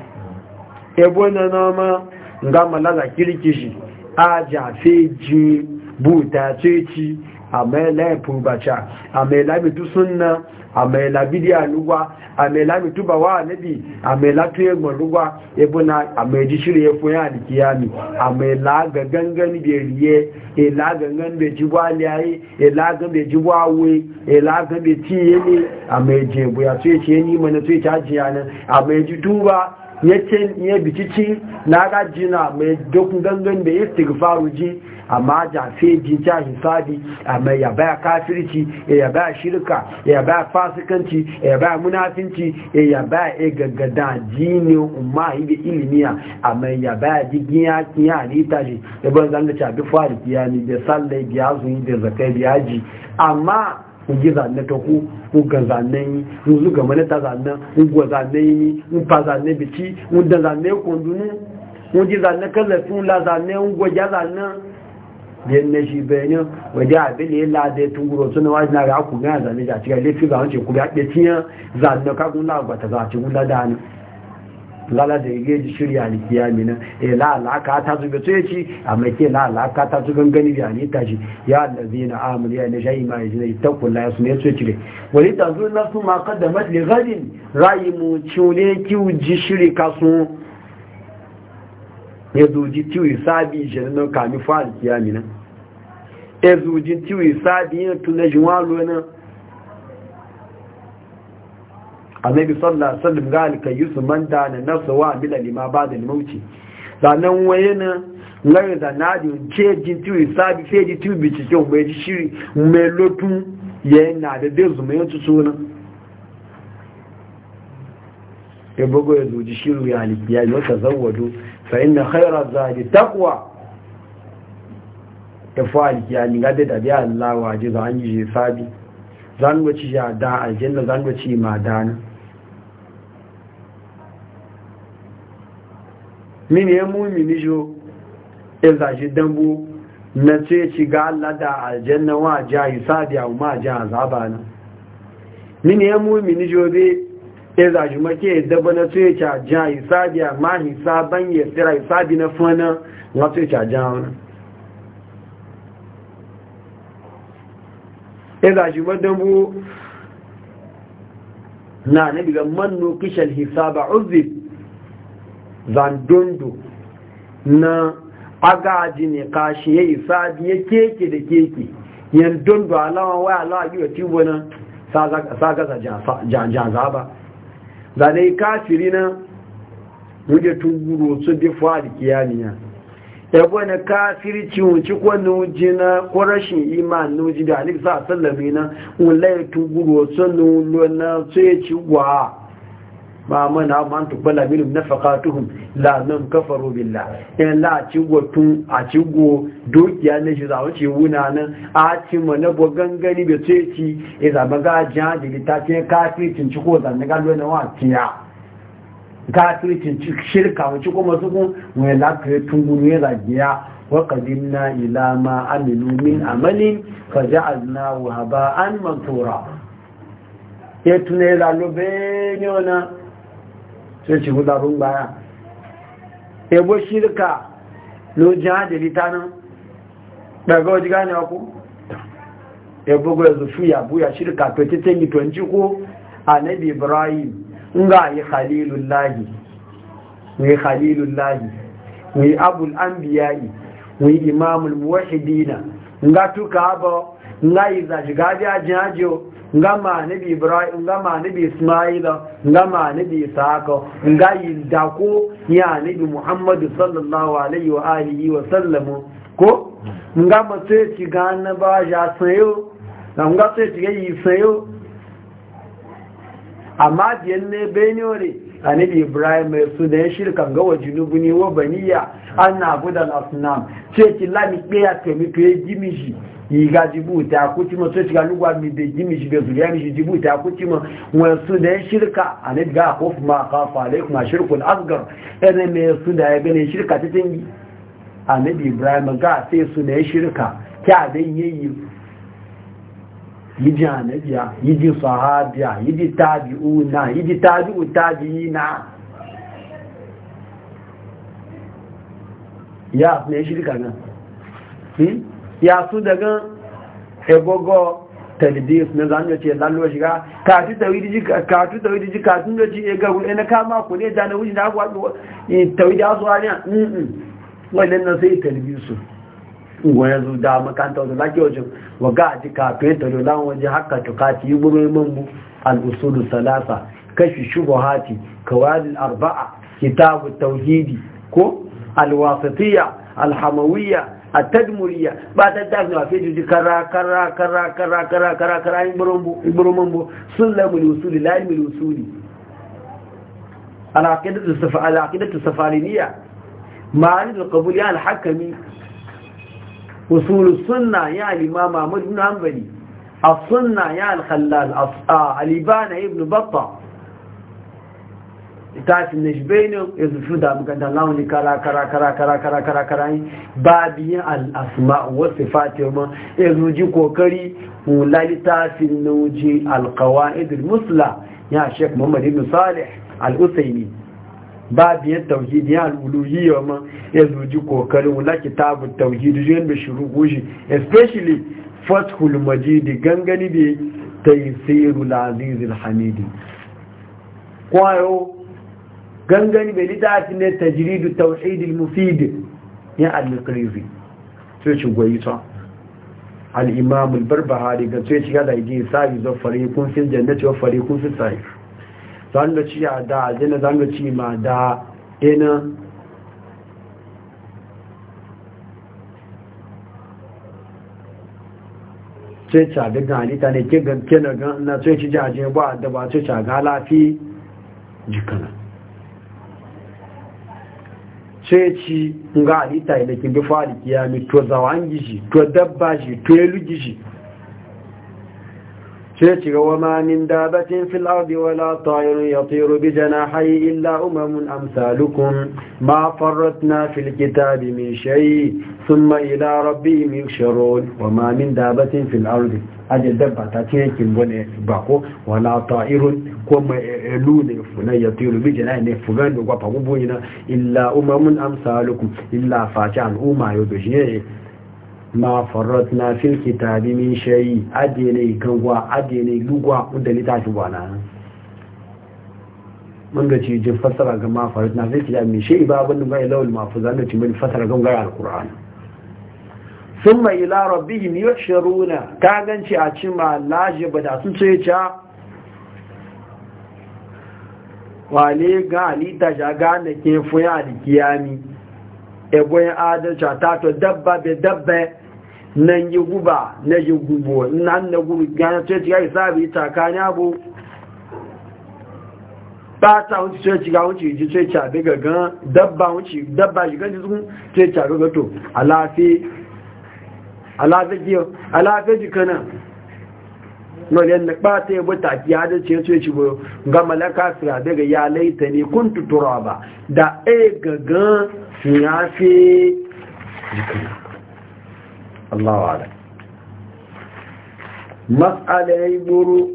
ebo na nama nga malaza shi a jafe ji buta ce ci a mai laifin baca a mai laifin sunna amela bidiya lugwa amela mituba wa nabi amela tuye gwa lugwa ebona ameji shiri ya funya da kiyami amela ga gangan da riye ela gangan da jibwa liyayi ela gangan da jibwa we ela gangan da tiye ne ameje buya tuye ce ni mana tuye ta jiya ameji tuba yake iya bikici na gajina mai duk gangan da ya stigfaru ji amma jafe jinja hisabi amma ya baya kafirci ya baya shirka ya baya fasikanci ya baya munafinci ya baya ya e gaggada jini umma hibe ilimiya amma ya baya jigin yakin kiya a shi ya ban zanga cabi fari biya ni da sallai biya zuyi da zakai biya ji amma ugi zanne ta ku uga zanne yi uzu ga mana ta zanne ugwa zanne yi upa zanne bici uda zanne kundunu uji zanne kaza fun la zanne ugwa ja zanne biyan na shi bayanin waje abin ya lada tun tunguro sun na wajen ga aku gana zanne ja cikin laifin zawon ce ku ga ɗaya tiyan zanne kakun la gwata za a cikin ladani lala da yage ji shirya alkiyami nan eh la alaka ta zuga to yace amma ke la alaka ta zuga gani da ni ta ji ya allazina amanu ya najai ma yajina ittaqu la ya yace cire Wani ta zuga nasu ma qaddamat li mu raimu chune ki shiri shirika su ya zuji ti isabi jinan kami fa alkiyami nan ya zuji ti isabi tun najwalu na? annabi sallallahu alaihi wasallam ga alkayyusu man da na nafsa wa amila lima ba da limauci sanan wayena ngai da nadi ke jin tiwi sabi fe ji tiwi cikin mai, ji shiri me lotun yana da dezu me yanzu suna ya e bugo ya zuji shiru ya alibiya ya tazawwadu fa inna khayra zadi taqwa ta e fa ya ni ga da biya Allah waje za an yi sabi zan ya da aljanna zan wuce madana mini ya mumini jo ya zashi dambu na ce ci ga Allah da aljanna wa ja sadi a ma ja azaba na mini ya mumini jo be ya zashi make daba na ce ci ja sadi a ma hisaban ya tsira sadi na fana na ce ci ja wani ya ma madambu na nabi ga manno kishal hisaba uzib zandondo na agaji ne kashi ya isa ya keke da keke yan dondo alama waya alawa yi wa tibo na sa gasa jaza ba zane kashiri na wuce tunguro su di fari kiyaniya yabo na kafiri ciwonci ko nuji na ko na iman nuji da alisa sallami na wulai tunguro su nulo na su ya ci ma mana man tubbala minhum nafaqatuhum la nan kafaru billah in la ci gotun a ci go dukiya ne shi zawo ci wuna nan a ci na bo gangani be ce ci e za maga jan da ta ce kafircin ci ko zan ga lona wa tiya kafircin ci shirka wa ci kuma su kun wai la ka tungunu ya zagiya wa qadimna ila ma aminu min amalin faja'alnahu haba'an manthura ya tunela lobe ne ona sai ci gudarun baya yabo shirka lojin hajjali ta nan daga gane ku yabo ga zufu ya buya shirka to ta tangi tonci ko annabi ibrahim nga yi mai yi khalilullahi mai abul anbiya'i yi imamul muwahidina nga tuka ba nga yi za shiga jajin ajiyo nga ma bi ibrahim nga ma bi ismaila nga ma bi isaka nga yi dako ya bi muhammadu sallallahu alaihi wa alihi wa sallam ko nga ma sai ci ga ba ja sayo na nga sai ci ga yi sayo amma biyan ne ni bi ibrahim mai su da ya shirka ga wajinubu ne wa baniya an na abu da al'asunam ce ki lami ɗaya kemi to ya gimi yiga jibuti akutima so shiga lugwa mi be jimi shi be zuriya mi shi jibuti akutima wani su da ya shirka a ne ga kofi ma kafa alaikum a shirkun asgar ɗane mai su da ya gane shirka ta tingi a ne ibrahim ga sai su da ya yi kya da yayi yiji anabiya yiji sahabiya yiji tabi'una yiji tabi'u tabi'ina ya ne shirka nan ya su daga egogo talibis na zanen ce lalwa shiga katu tawidi ji katu tawidi ji katu da ji e ga ku e na kama ku ne da na wuji na ku e tawidi azu ani mm, mm wannan nan sai talibisu goya zu da makanta da lake wajen waga ji katu ta da lan waje haka to kati yugo mambu al usul salasa kashi shugo hati al arba'a kitabu tauhidi ko al wasatiyya al hamawiyya a tadmuriya ba ta dafi a fejin ji kara kara kara kara kara kara kara igburumin bu sun lamuli usuli lamuli usuli alaƙidatu safariniya ma'ani da kabul ya alhakami usulu sunna ya alimama mahmud na hanbali a sunna ya alkhallal ah, alibana ibn batta tashin na shi benin ya zufu da maganda launi kara kara kara kara kara kara kara yi ba biyan al'asma wasu fatiyar ma ya zuji kokari hula littafin na wuji alkawa idil musula ya shek muhammad ibn salih Usaini. ba biyan tauhidi ya al'uluhiyya ma ya zuji kokari hula kitabun tauhidi zuyen da shuru gushi especially fathul majidi gangani da taisirul azizul hamidi kwayo oh? gangani bai littafi ne tajridu tauhidil mufid ya al-qarifi sai ci goyi ta al-imam al-barbahari ga sai shiga da idin sai zo kun fil jannati wa fariqun fil sa'ir zan da ci ya da aljanna zan da ci ma da ina sai ca ga halitta ne ke ganke na sai ci jaje ba da ba sai ca ga lafi jikana sai nga halitta da kin bi fari kiyami to zawan gishi to dabba shi to yelu gishi sai ci ga wama min dabatin fil ardi wala ta'irun yatiru bi janahi illa umamun amsalukum ma farratna fil kitabi min shay thumma ila rabbihim yushurun wama min dabatin fil ardi ajin dabba ta ce yakin bane bako wala ta'irun ko mai lu ne funa ya tiru bi jana ne funa ne gwa fagu boyi na illa umamun amsalukum illa faci umma yau da shi ne ma farrat na fil kitabi min shayi adene gangwa adene lugwa da litafi ba na mun da ci jin fasara ga ma farrat na fil kitabi min shayi ba abin da ga ilawul mafuzan da ci mun fasara ga alqur'ani sun mai ilarar bihin yau shiruna ta ganci a cima laji ba da sun ce ca wale ga halitta ja gane ke fuya da kiyami egoyin adalca ta to dabba be dabba nan yi guba na yi gubo nan na gubu gane ce ci ya yi sabi kanya abu ba ta wuce ce ci ga wuce ji ce ci a bi gaggan dabba wuce dabba shi ganin sun ce ci a gaggato alafi alaafeji kana nolin da ɓata ya buta ki hada ce su ci boyo ga malaka su rabe ga ya laita ne kun tutura ba da e gagan ya fi jikina Allah wa ala matsala ya yi buru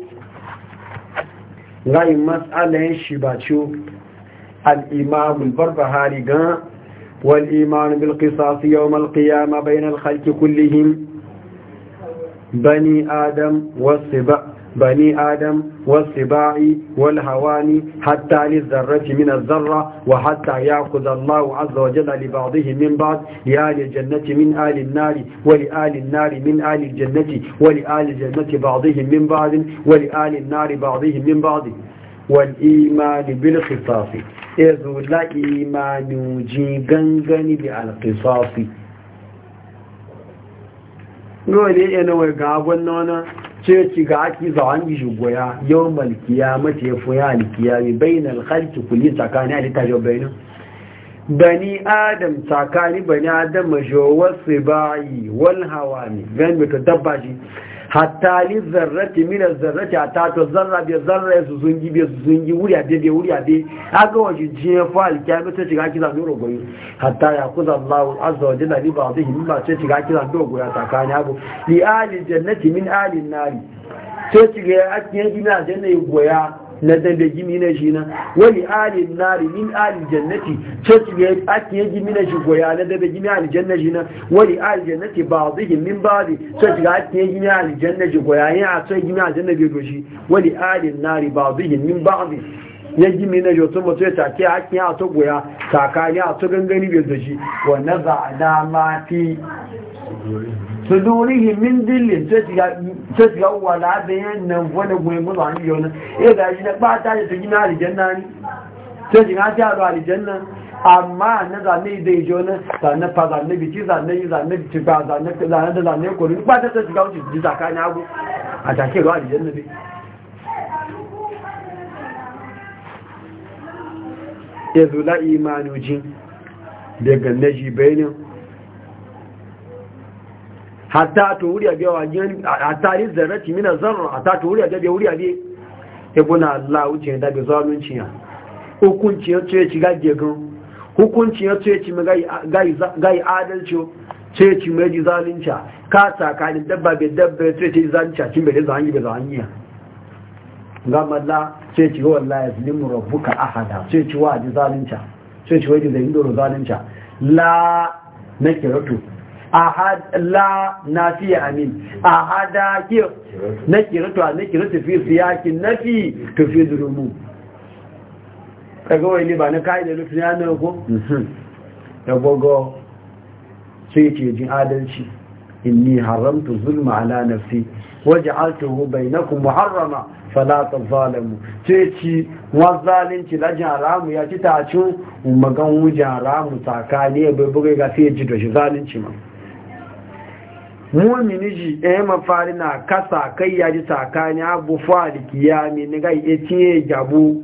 rayin matsala ya shi ba ciwo al'imamul barbahari gan والإيمان بالقصاص يوم القيامة بين الخلق كلهم بني آدم والصبا بني آدم والصباع والهوان حتى للذرة من الذرة وحتى يأخذ الله عز وجل لبعضهم من بعض لآل الجنة من آل النار ولآل النار من آل الجنة ولآل الجنة بعضهم من بعض ولآل النار بعضهم من بعض والإيمان بالخصاص إذ لا إيمان جيغنغن بالقصاص Dole yana wai ga gwanna ce ci ga aki zawon gishi goya yau malkiya mace ya fuya alkiya mai bayan alhalki kuli tsakani a littajen bayanin. Bani Adam tsakani bani Adam mashi wasu bayi wal hawa ne, gan mai ta dabba hatta li zarrati min zarrati hatta to zarra bi zarra su zungi bi zungi wuri ade bi wuri ade aga waje jiye fa alkiyama ta shiga kiza duro goyi hatta ya kuza Allahu azza wa jalla li ba'dihi min ba ce shiga kiza duro goyi tsakani abu li ali jannati min ali nari ce shiga akiyan gina janna goya na dan da gimi na shi na wani alin nari min alin jannati cece ya ake yi gimi na shi goya na da gimi alin janna shi na wani alin jannati ba a zihin min ba zai cece ya ake yi gimi alin janna shi goya ya a sai gimi alin janna bai doshi wani alin nari ba a zihin min ba zai ya gimi na shi sun mutu ya take ake a to goya tsakani a to gangani bai doshi wannan za a dama fi sudurihi min dillin ta shiga wala da nan wani gwe mu zuwa yau nan ya eh, ga shi na bata da ta gina alijanna ne ta shiga ta zuwa alijanna amma na zane da ijo nan zane fa zane biki zane yi zane biki ba zane zane da zane kori ba ta shiga wuce ji tsakanin agu a take ruwa alijanna ne ya zula imanujin daga naji hatta to wuri abiya wajen hatta ri zarrati mina zarra hatta to wuri abiya wuri abiya ibuna Allah wuce da bi zalunci ya hukunci ya ce ci gaje gan hukunci ya ce ci gai gai adalci ce ci mai zalunci ka dabba bai dabba ce ci zalunci kin bai zangi bai zangi ga malla ce ci wallahi rabbuka ahada ce ci wa zalunci ce ci wai zalunci la ahad la nafi amin ahada ki na kiratu na kiratu fi siyakin nafi to fi durumu kaga wani ne ba na kai da lufin ya nan ko da mhm. gogo sai ke jin adalci inni haramtu zulma ala nafsi waj'altuhu bainakum muharrama fala tazalamu ceci ci wa zalunci la jaramu ya ci ta magan wu jaramu tsakani ya bai ga sai ji da shi zalunci ma mumini ji eh, ma fari na kasa kai ya ji tsakani abu fali kiyami ni ga iya e tiye jabu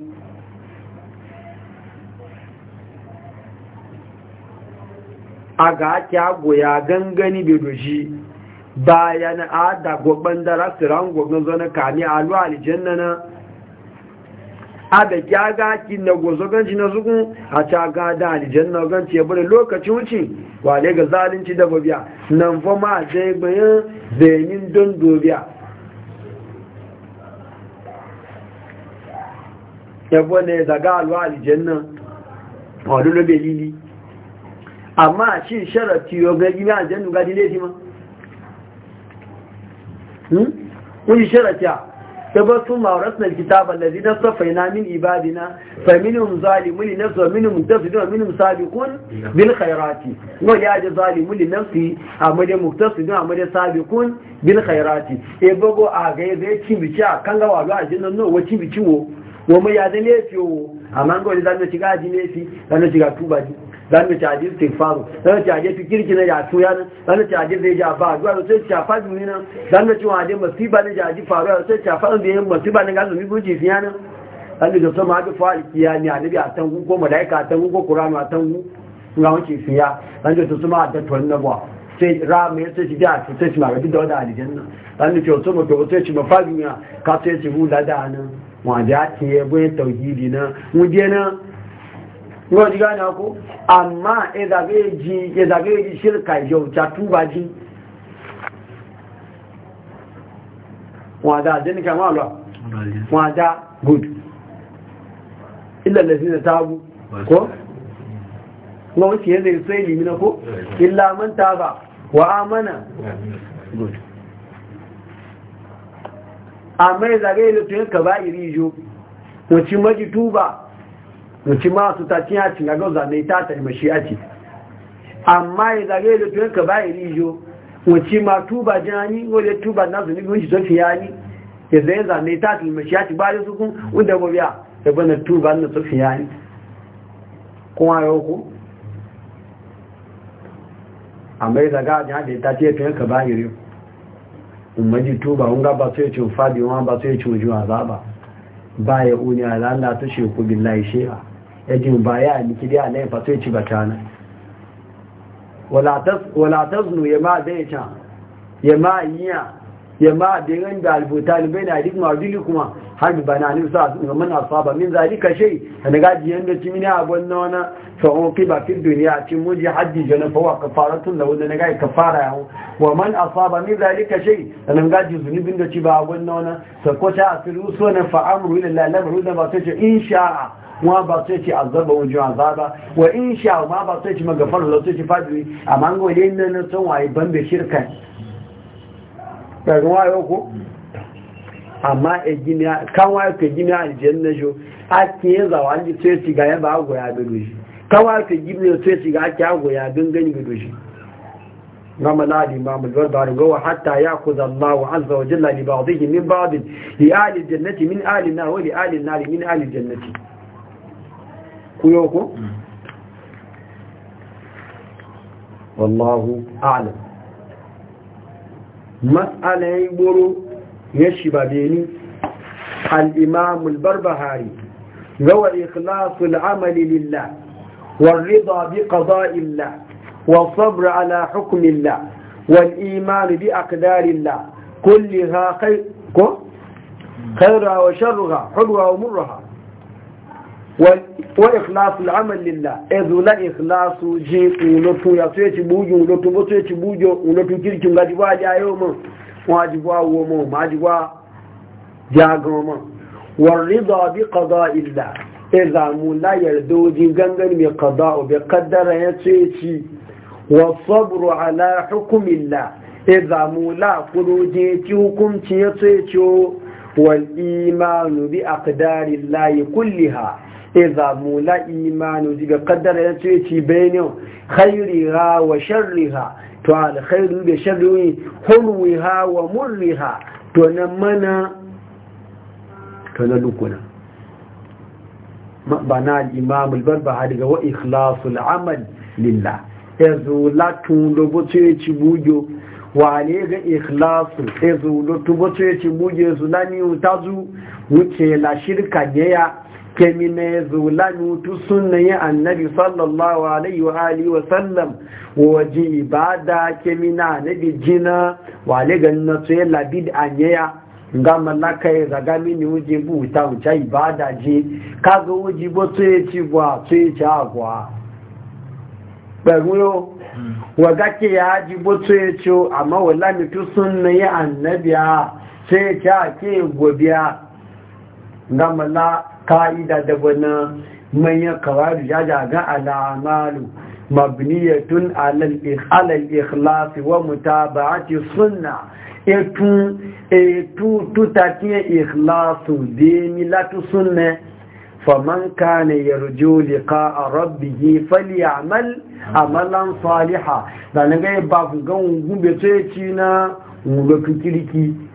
a ga ake agwo ya gangani bedoji bayan a da goban da rasiran gogon zo na kami alu alijanna na aga kyaga ki na gozo ganci na zugun a ta gada alijan na ganci ya bari lokacin wuce wale ga zalunci da babiya nan fa ma zai bayan benin don dobiya yabo ne zaga alwa alijan nan a wadda lobe lili amma shi sharafi yau ga gina alijan nuga dile ma? Hmm? kun yi sharafi a sabar sun ma'auratun alkitaba lalazi na safai na min ibadina fa minum zalimun li nafsi wa minum muktasidu wa minum sabiqun bil khairati wa ya ji zalimun li nafsi amma dai muktasidu amma dai sabikun bil khairati e bago a ga zai cin bici a kan gawa a ajin nan wa cin bici wo wa mai ya da lefi wo amma ga wani zamu ci gaji lefi zamu ci ga tuba za mu caje su tefaru za mu caje su kirki na yato ya nan za caje zai ja ba zuwa da sai cafa zuni nan za mu ci wajen masiba na jaji faru da sai cafa zuni nan masiba na gasu mibu jifi ya nan za mu gasa ma haka fa'ali kiyami a nabi a tangu ko malaika a tangu ko kuranu a tangu nga wace fiya za mu gasa ma a tattalin na ba sai rama ya sai shi da sai shi ma gaji da alijan nan za mu ci wasu mutu sai shi mafazin ya ka sai shi hula da nan wajen ake yabo ya tauhidi na wajen nan wọ́n ti gáyìn ọkú àmá ẹ̀dàgéèjì ṣírkà ìjọ ìjàtúbà jí wọ́n àdá àdínìkà wọ́n àlọ́ wọ́n àdá good ilẹ̀lẹ̀ sí ìtàgù kọ́ wọ́n ti yẹ́ ìsẹ́lì mìíràn kó ilá mọ́ntàbà wà á mọ́nà good àmá ẹ̀dàgéèjì tó yẹ́ kàbá ìrí ìjọ tuba. doci masu ta cinya cin gagon zane ta ta mashi ake amma ya zage da tuyon ka bayan rijo wace ma tuba jani wadda tuba na su nufin shi zafi yani ya zai zane ta ta mashi ake ba da sukun wanda ba biya da tuba na zafi yani kuma ya hukun amma ya zaga jani da ta ce tuyon ka bayan rijo umarji tuba wunga ba su yi cin fadi wunga ba su yi cin juwa zaba ba ya uniya lalata shekubin sheku billahi yajin baya ni kidi Allah ya sai ci batana wala tas wala tasnu zai da ya ma yiya yama da ran da albutal baina dik mawdili kuma har bana ni sa man asaba min zalika shay ana gaji yanda ci mini abun nona fa on ki ba fi duniya ci muji haddi jana fa wa kafaratun da wanda naga kafara ya wa man asaba min zalika shay ana gaji zunubin da ci ba abun nona sa ko ta asiru so na fa amru ila Allah lamru ba ta ce sha'a. wa ba sai ce azaba wa jiwa azaba wa in sha ma ba sai ce magafar la sai ce fadi amma ga wani nan na san waye ban da shirka daga waye ko amma e gina kan waye ke gina aljanna jo ake zawa an ji sai ci ga ya ba goya da doshi kan waye ke gina sai ci ga ake goya gangani da doshi gama na limamu barbari gowa hatta ya kuza Allah azza wa jalla li ba'dihi min ba'd li ahli jannati min ahli nar wa li ahli nar min ahli jannati والله أعلم مسألة يبرو يشبه ديني الإمام البربهاري هو إخلاص العمل لله والرضا بقضاء الله والصبر على حكم الله والإيمان بأقدار الله كلها خير خيرها وشرها حلوها ومرها وإخلاص العمل لله إذ لا إخلاص جي ولوتو يسوي تبوجو بوجو بسوي تبوجو سيتي بوجو ولوتو كيركي غادي واجا يوم واجبوا ومو ماجبوا جاغوما والرضا بقضاء الله إذا مولا يردو جي غنغن بقضاء بقدر يسوي سيتي والصبر على حكم الله إذا مولا فروجي حكم يا سيتي والإيمان بأقدار الله كلها iza mula imanu diga kaddara ya ce ci bayanin khairiha wa sharriha to alkhairu da sharri hulwiha wa murriha to na mana to na lukuna ba na imam albarba daga wa ikhlasul amal lillah ezu latun lobo ce ci bujo ga ikhlasu ezu lotu bo ce ci bujo ezu lani utazu wuce la shirka ne kemi ne zulani tu sunnayin annabi sallallahu alaihi wa alihi wa sallam waje ibada kemi na nabi jina wale ganin na tsoye labid anyaya ga malaka ya zaga mini bu wuta wuce ibada je ga waje bo tsoye ci gwa tsoye ci agwa pẹ̀lú yóò wọ̀gá kí ya jí bó tsoye ci amma wala mitu sunnayin annabi a tsoye ci a ke gobe a ga malaka ka'ida da wani manyan kawai jaja ga al'amalu mabniyatun alal ikhlasi wa mutaba'ati sunna etu etu tutatiye ikhlasu dini latu sunna faman kana yarju liqa'a rabbih falyamal amalan salihan dan ga ba gungun gube sai ci na mu kirki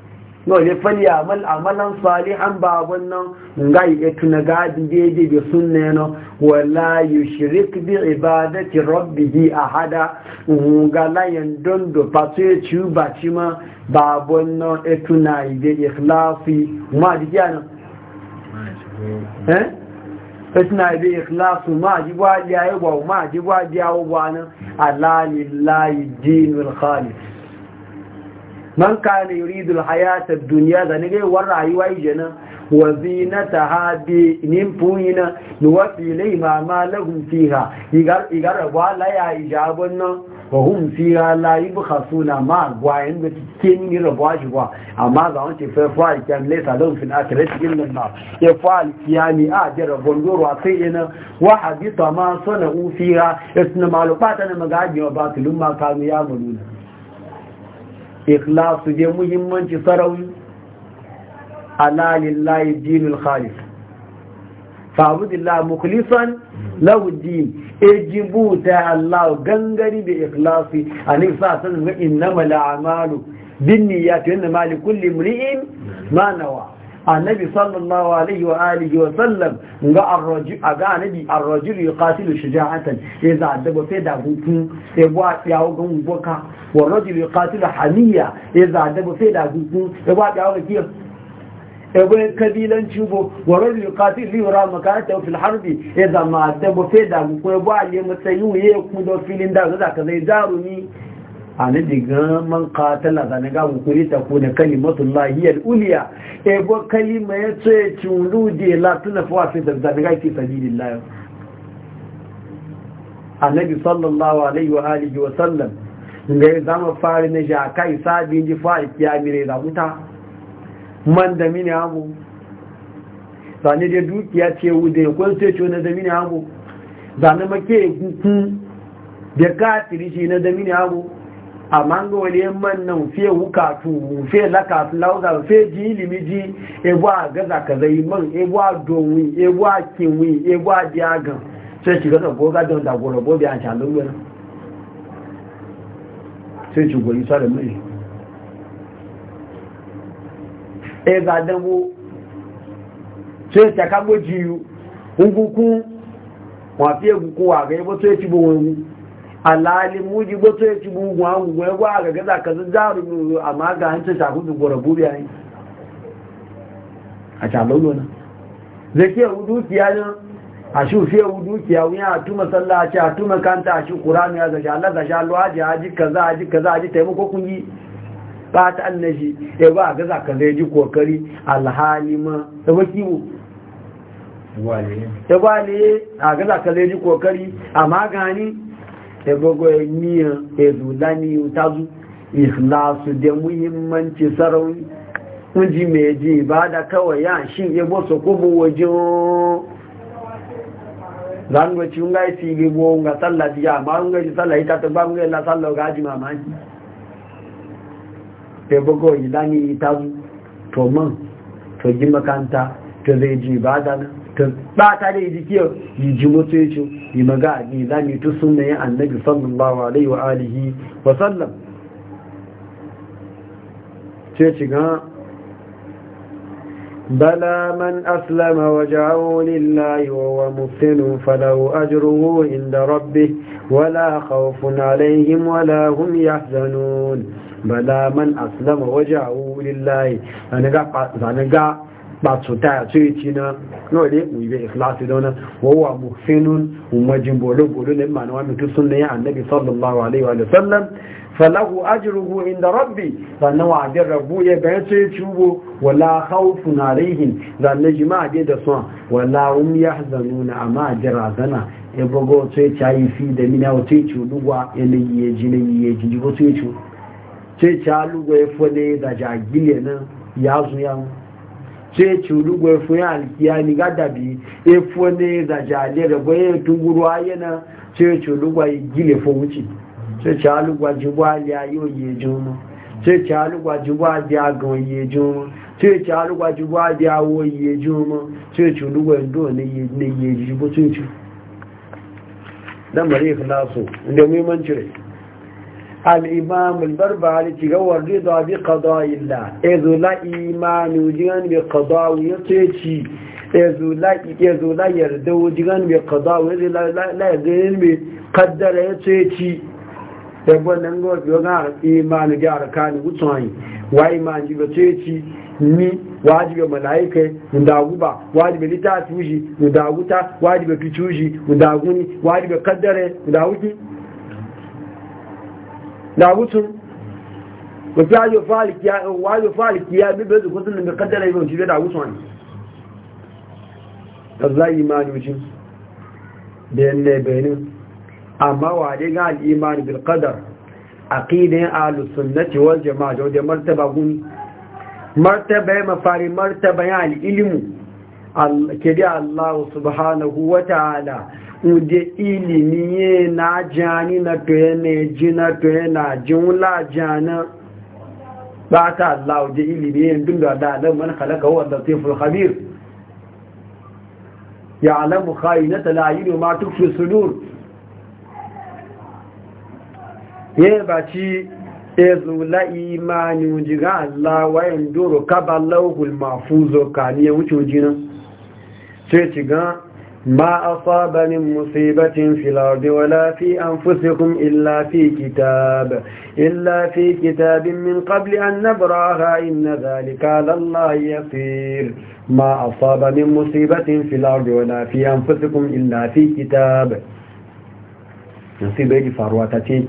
no ne fali amal amalan salihan ba wannan nga ya tuna gadi daidai da sunna no wala yushrik bi ibadati rabbihi ahada nga la yandon do patse ci ba ci ma ba wannan e ide ikhlasi ma di jana eh bi e ikhlasu ma wa ya e wa ma wa ya wa na dinul khalis man kana yuridu alhayata ad-dunya da ne war rayuwa jina wa zinataha bi nimfuna nuwafi ilayma ma lahum fiha igar igar wa la ya ijabun wa hum fiha la yubkhasuna ma gwayin da ke ni rabuwa shi ba amma ga wance fa fa kan le salon fil akhirati nan ma ya fa kiyami a da rabon doro sai ina wa hadita ma sana'u fiha isna malubata na magaji wa batilun ma kanu ya muluna ikhlasu je muhimmanci sarauni ala lillahi dinul khalis abudillahi mukhlisan lahu din ejibu ta Allah gangari da ikhlasi ani sa san ga mal a'malu binniyati wa kulli imri'in ma nawa annabi sallallahu alaihi wa alihi wa sallam ga arrajul aga annabi ya qatilu shuja'atan idza za fi ba sai da gutu sai ba yawo gan boka wa rajul yuqatilu hamiya sai za da ba sai da gutu sai ba yawo kiyo ebe kabilanci bo wa ya qatilu li yura makata fi alharbi idza sai za ma da ba sai da gutu ba ne ye ku da filin da zai daruni ani gan man qatala da ga hukuri ta kone da kalimatullahi al-uliya e bo kalima ya ce chuludi la tuna fa fi da ga ki sabilillah annabi sallallahu alaihi wa alihi wa sallam ga zama fari na kai sabin ji fa ikiyamire da muta man da mini abu zane da dukiya ce wude kun ce ce na da mini abu zane make gukun da kafiri shi na da mini abu amma ga wani yamman nan fiye wukatu fiye lakatu lauza fiye ji ilimi ji ebu a gaza ka zai man ebu a domin ebu a kinwi ebu a diagan sai shiga da goga don da goro bobe an shalin wani sai ci goyi sa da mai e ga damo sai ta kagbo jiyu hukukun wafiye gukowa ga yabo sai ci bo wani alali muji bato ya ci bugun hangu ya gwa ga gaza ka zan zaru nuru amma ga ta shafi dubara buri ya yi a shabar gona zai ke hudu kiya nan a shi fiye hudu kiya wuyan a tuma sallah a ce a tuma kanta a shi kurani ya zashi allah zashi allo haji aji kaza aji kaza aji taimako kun yi ba ta annashi ya ba gaza ka zai ji kokari alhali ma da wakiwo ta ba ne a gaza ka zai ji kokari amma gani ebogo ya niyan ezulani utazu ikhlasu da muhimmanci sarauni kunji mai ji ba da kawai ya shi ebo su kubu wajen zanwaci nga isi gibo nga tsalla biya ma nga ji tsalla ita ta ba nga yi tsalla ga ji mamaki ebogo ilani itazu to man to ji makanta to zai ji ba da nan ba ta da idikiyo yi ji mutuncu yi maga ni za mu yi tu sun mai ba sallallahu alaihi wa alihi wa sallam ce shiga bala man aslama wa ja'u lillahi wa huwa muhsinu falahu ajruhu inda rabbi wala khawfun alaihim wala ya yahzanun bala man aslama wa ja'u lillahi ana ga ga ba cuta ya ce ci na yau da mu yi bai ikhlasi da wannan wawa mu finun umajin bolo bolo na imanu wa mutu sunna ya annabi sallallahu alaihi wa sallam falahu ajruhu inda rabbi sannan wa ajin rabu ya bayan ce cubo wala khawfun alaihim zanne jima'a dai da son wala hum yahzanuna amma ajin razana ya bugo ce cayi fi da mina wa ce cuduwa yanayi ya ji na yi ya ji ji ko ce cu ce ca lugo ya fone da jagile nan ya zuya sai ci rugo fun alkiyami gadabi e fone da jale da chichi tunguru ayena sai ci rugo igile fun wuci sai ci ali jumu adi agan jumu adi awo jumu ndo ne ye ikhlasu الإمام البربع التي تقوى رضا بقضاء الله إذو لا إيمان وجيان بقضاء يطيشي إذو لا إذو لا يرد وجيان بقضاء وإذ لا لا يزين بقدر يطيشي يقول ننقل بيوغا إيمان جاركان وطعين وإيمان جيب يطيشي ni wajibe malaika ndaguba wajibe litatuji ndaguta wajibe kichuji ndaguni wajibe kaddare ndaguki da hutun ba fi ajo falikiya wajo ya bi bezu zuku sun da kaddara yau shi da hutun wani da zai imani wuce da yanne bayanin amma wa dai ga al'imani bil qadar aqidan ahlus sunnati wal jama'a da martaba gun martaba fari martaba ya al ilmu al kidi Allah subhanahu wa ta'ala ude ilimi ye na jani na toye na ji na toye na jana ba ta Allah uje ilimi ye dun da da nan man khalaqa huwa al-latiful khabir ya'lamu khayinata al-ayun ma tukfi sudur ye ba ci ezu la imani uje ga Allah wa yanduru kaballahu al-mahfuz kaniye wuce sai ci ga ما أصاب من مصيبة في الأرض ولا في أنفسكم إلا في كتاب إلا في كتاب من قبل أن نبراها إن ذلك على الله يصير ما أصاب من مصيبة في الأرض ولا في أنفسكم إلا في كتاب نصيب مصيبة فاروة تتين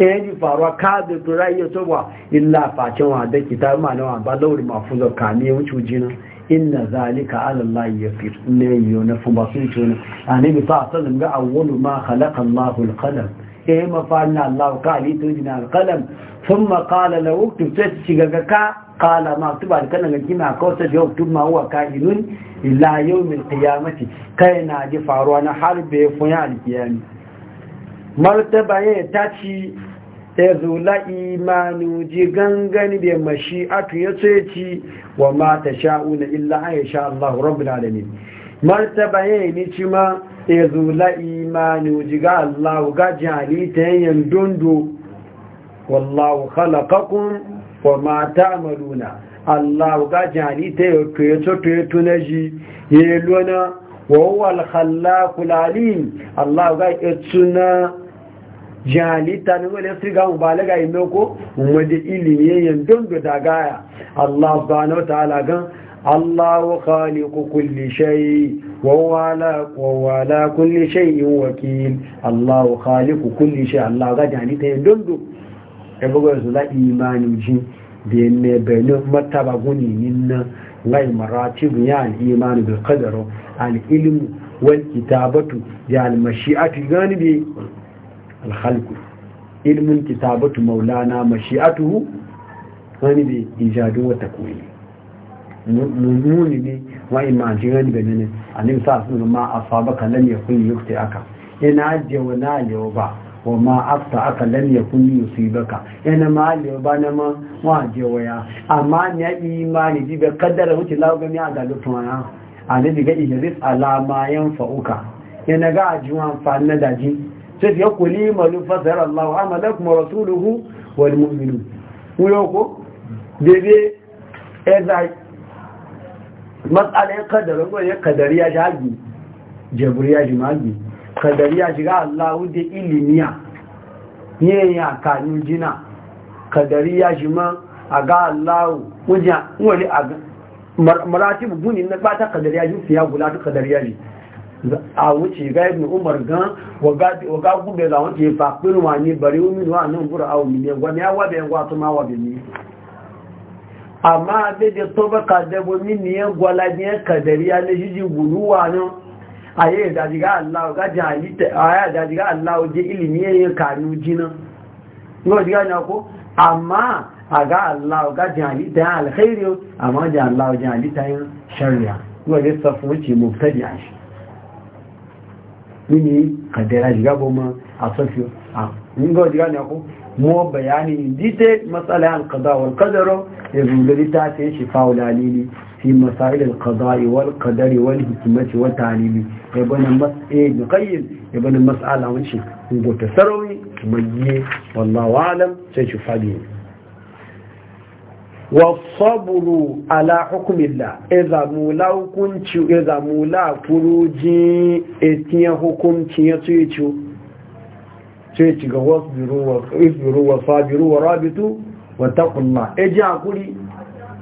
ẹni faruwa káàdì tó ráyẹ tó wà ilá àfàṣẹwọ̀n àdẹ́kìtà màá náà àbálòrì màfúzọ̀ kà ní oúnjẹ inna zalika ala Allah yafir ne yona fu ba sun tona annabi ta sallam ga awwalu ma khalaqa Allah al-qalam eh ma fa'alna Allah qali tudina al-qalam thumma qala la uktub tashiga ka qala ma tuba al-qalam kina ka wata jo uktub ma huwa kainun ila yawm al-qiyamati na ji faruwa na harbe fu ya al-qiyami martaba ya tachi ta zula imanu ji gangani da mashi'atu ya ci wa ma ta sha'una illa an ya sha Allah rabbul alamin martaba yayin ni ci ma ta zula imanu ji ga Allah ga jali ta yan dundu wallahu khalaqakum wa ma ta'maluna Allah ga jali ta yo to yo to yo tunaji yelona wa huwa al khallaqul alim Allah ga etsuna jalita ne wani su ga mubalaga yi mako wadda ilimin yanzu da dagaya Allah subhanahu wa ta'ala gan الله خالق كل شيء وهو على وهو على كل شيء وكيل الله خالق كل شيء الله غادي يعني تندندو ebogo zula imani ji bienne beno mataba guni ngai maratib ya al iman bil qadar al ilm wal kitabatu ya al mashi'ati ganibi alhalku ilmin kitabatu maulana mashi'atuhu wani bai ijadu wata koyi mummuni ne wani ma ma'ajin wani gani ne a nimsa su ma a saba ka lamya lam yi yukti aka yana ajiye wani alewa ba wa ma afta aka lam yakun yusibaka yana ma alewa ba na ma wa waje ya? amma ya imani ji bai kaddara wuce lagami a galutun ya a ne diga ijiris alama yan fa'uka yana ga ajiyar amfani na daji sai ya kuli malu fasara Allah wa amalakum rasuluhu wal mu'minun ku yoko bebe ezai matsala ya kadara ko ya kadari ya ya kadari ya jina kadari ya a ga a na ba ta kadari ya fiya a wuce ga ibn umar gan waga gube za wanke fa pinu wa ni bari umi wa nan bura awu miliyan gwa ne awa bayan gwa to ma wa ni amma to ba ka de bo ni ni ni e ka jiji wa allah ga jali te allah je ilimi e ye ka nu jina no diga na ko amma aga allah ga jali te alkhairi amma ja allah jali te sharriya wa yasafu ci mubtadi'a shi mini kaddara shiga goma a sofiyo a ah, ringa shiga ne ku mu bayani in detail matsala al qada wal qadar ya zuwa ta ce shi wal alili fi masail al qada wal qadar wal hikmati wal talili ya bana mas'e eh, bi qayyim ya bana mas'ala wani shi ko tasarawi mai wallahu alam sai shifa biyu والصبر على حكم الله اذا مولاو كنتو اذا مولا كروجي اتيا حكم تيتيتو تيتي غوص بروه اصبروا وصابروا ورابطوا وتقوا الله اجا قولي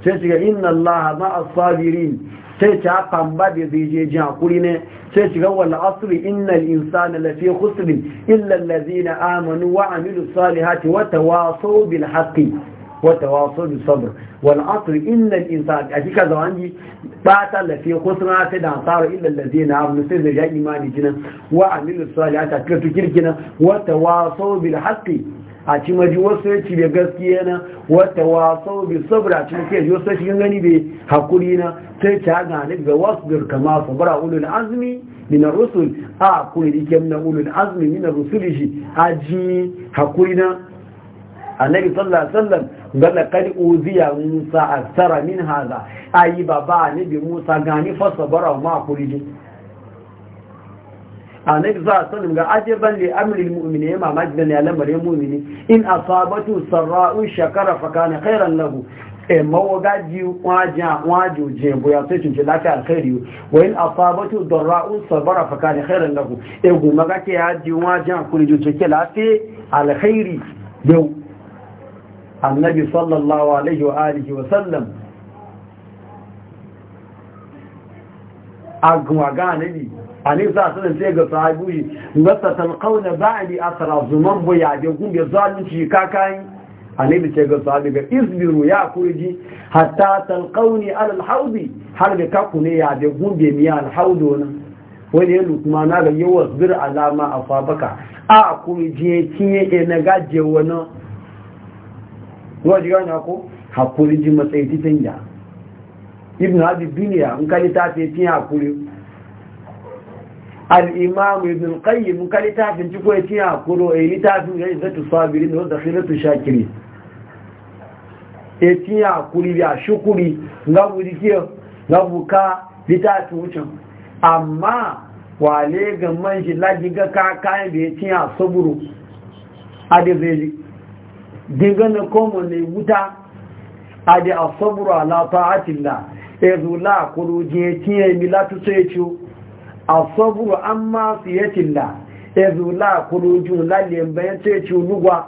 تيتي ان الله مع الصابرين تيتي اقام بابي ديجي اجا قولي تيتي غو الاصل ان الانسان لفي خسر الا الذين امنوا وعملوا الصالحات وتواصوا بالحق wata sabr wal asr inna al insan aji ka zaman ji ba ta lafiya ko sun ha sai da asar illa allazina amnu sai da imani jinan wa amilu salihata ka tu kirkina wa tawasaw bil haqqi a ci maji wasu ya ci gaskiya na wata wasu bai sabra ci maki yaji gani bai hakuri na sai ci ha gani ga wasu bai kama su bara ulul azumi minar rusul a kuri dike mina ulul azumi minar rusul shi a na annabi sallallahu alaihi wasallam ga kadi uziya musa asara min hadha ayi baba annabi musa gani fa sabara ma kulidi annabi sallallahu alaihi wasallam ga ajaban li amri almu'mini ma majdan ya lamar mu'mini in asabatu sarra'u shakara fa kana khairan lahu e gaji waja wajo je boya sai tunje lafiya alkhairi wa in asabatu darra'u sabara fa kana khairan lahu e gumaka ke ya ji waja kuliji to ke lafiya alkhairi yau annabi sallallahu alaihi wa alihi wa sallam agwaga nabi ani za su da sai ga sahabu yi ngasa talqauna ba'di asra zuman bu ya ga gumbe zalunci kakai annabi ce ga sahabi ga isbiru ya kurji hatta talqauni ala alhawd har da kaku ne ya ga gumbe miya alhawd wani ya kuma na ga yawas zira alama afabaka a kurji kiye na gaje wannan ruwa ji gane ko hakuri ji matsayi ta canja ibn hajji duniya in kali ta fi cin hakuri al'imam ibn qayyim in kali ta fi ci koyi cin hakuri a yi littafin ya izzatu sabirin da wadda khilatu shakiri ya hakuri ya shukuri ga budikiyar ga buka littafin wucin amma wale ga man shi lajiga kayan da ya cin a saburu a da zai dingana komo ne wuta a da asaburu ala ta'atilla ya zula kurujin ya tiye milatu sai ciwo asaburu an masu yatilla ya zula kurujin lalyen bayan sai ciwo lugwa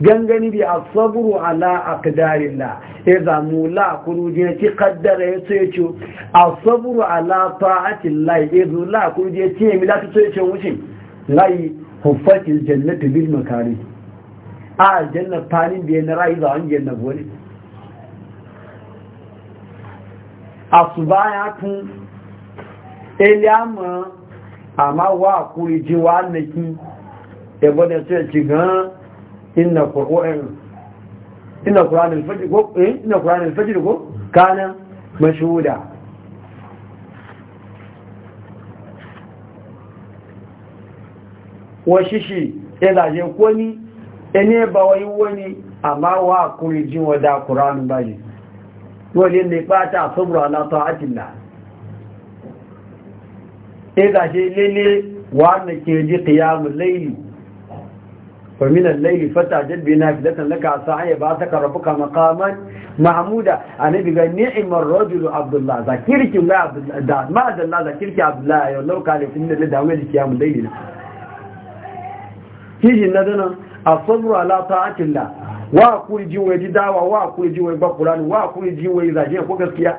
gangani bi asaburu ala aqdarilla idza mula kuruje ti qaddara yace ce asaburu ala ta'atillah idza la kuruje ti mi la tace ce wucin yi hufatil jannatu bil makari a aljanna fanin da ya na rayu zawon janna wani a su baya tun iliyama amma wa kuri ji wa annaki yabo da su ya ci gan inna kuran alfajir eh, ko kana mashuda wa shishi ya zaje ko ni ene ba wai wani amma wa kuri jin wada ƙuranin ba ne wani ne ba ta saboda na ta atila e ga shi wa wani ke ji kiyamu laili faminan laili fata jirbi na fidatan na kasa haya ba ta karabu ka makaman mahamuda a na biga ni'imar rajulu abdullah za kirkin mai abdullah da ma'adalla za kirkin abdullah yau lauka ne fi nile damar kiyamu laili na shi na zanen A asabru ala ta'atillah wa kuri jiwe ji dawa wa kuri jiwe ba qur'ani wa kuri jiwe zaje ko gaskiya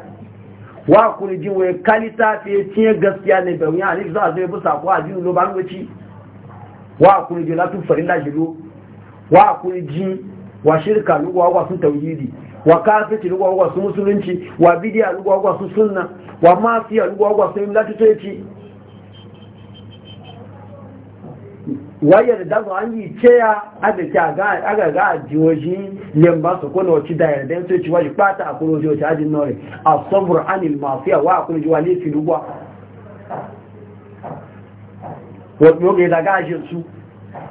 wa kuri jiwe kalita fi tiye gaskiya ne ba wani alif za zai busa ko ajin lo ba ngoci wa kuri ji latu farilla jilo wa kuri ji wa shirka lugwa wa sun tauhidi wa kafirci lugwa wa sun musulunci wa bidiya lugwa wa sun sunna wa mafiya lugwa wa sun latu tsayi wayar da su an yi ceya aga ga jiwoji yamba su kuna wace da yarda yanzu ci waje bata a kuroji wace ajin nore a sabur anil mafiya wa a kuroji wale fi rubuwa wadda ga daga ajin su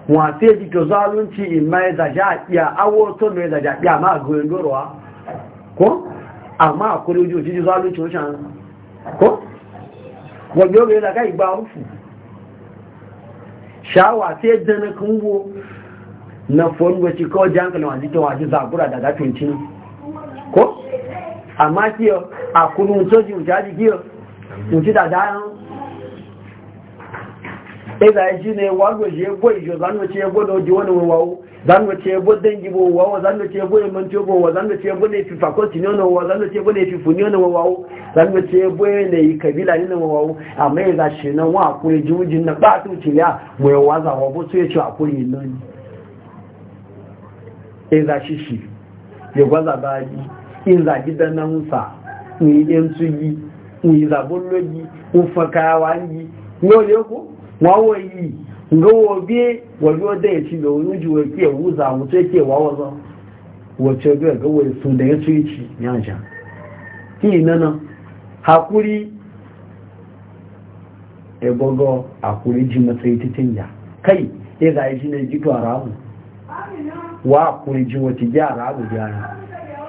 wasu yaji to zalunci in mai zaja iya awo to mai zaja iya ma a goyon dorowa ko amma a kuroji wace zalunci ko wadda ga daga igba shawa sai da na kungo na fongoci ko jankalin wajen jikin wajen zabura da gafinci ko amma kiyo a kunu mutoji mutaji kiyo mutu da dayan ɗaya shi ne wagoji ya gwai shi zanuwa ya gwada wajen wani wawo zango ce bu dangi gibo wa zango ce bo manto go wa zango ce bu ne fi fakoti ti no wa zango ce bu ne fi funi ne wa wa zango ce bu ne kabila ne wa wa amma ya shi na wa ko jujin na ba tu ci ya mu wa za wa bo sai ci a ko yi nan e za shi shi ya gwaza ba ji in za gidan nan sa ni yan su yi ni za bollo ji u fakawa yi no le ko wa wa yi Nga gobe wajen da ya ci da wani juwa ke wuza mutu ya ke wawaza wacce ga gawar su da ya ci ci ya ja na nana hakuri ya gogo hakuri ji matsayi titin ya kai ya ga shi ne ji to ramu wa hakuri ji wata gyara abu gyara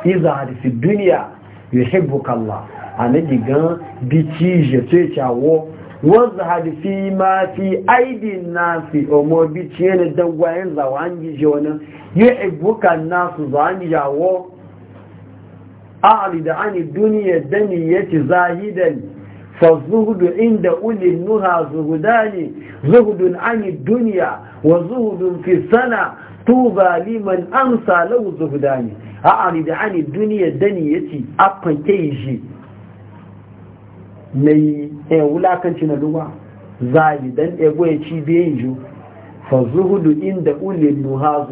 iza hadisi duniya yuhibbuka Allah a gan bi bici je ce cawo wazhad fi ma fi aidin nasi omo bi tiene dangwayen zawangi jona ye ibuka nasu zawangi yawo a'rid ani dunya daniyati zahidan فالزهد عند أولي النهى زهدان زهد عن الدنيا وزهد في السنة طوبى لمن أمسى له زهدان أعرض عن الدنيا دنيتي أبقى mai e wulakanci na duba zali dan ego ya ci yin ju fa zuhudu inda ulin nuha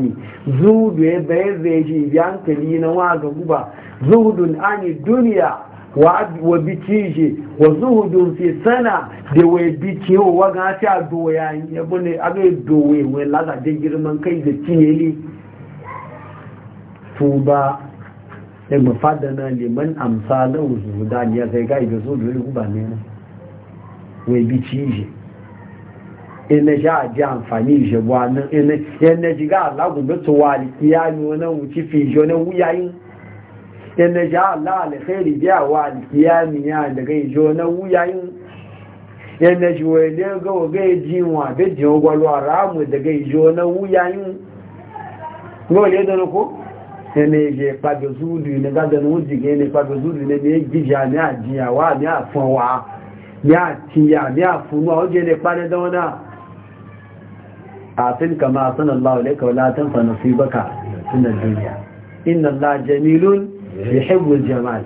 ne zuhudu ya bayar zai ya ji biyankali na wa ga guba zuhudun ani duniya wa biki ji wa zuhudu fi sana da wai biki wa waga ta doya ya bune aga doya wai laga da girman kai da cinye ne sai mu fadana liman amsa lau zuhuda ne ya sai gai da so da wani guba ne na wai bi cije ina ja a ji amfani je buwa nan ina yana jiga Allah gobe to wali kiyami wani wuci fi jo na wuyayin ina ja Allah alkhairi biya wali kiyami ya daga jo na wuyayin yana ji wai ne ga ga ji wa be ji ogwalo aramu daga jo na wuyayin ngole da ko ẹni ṣe pàjọ zúúdù ní gádẹ̀nù ó jìgẹ́ ní pàjọ zúúdù ní jíjà ní àjíyàwó ní àfọnwà ní àtíyà ní àfúnwà ó jẹ́ ní pàdé àfin kama baka sínà duniya inna jamilun jamal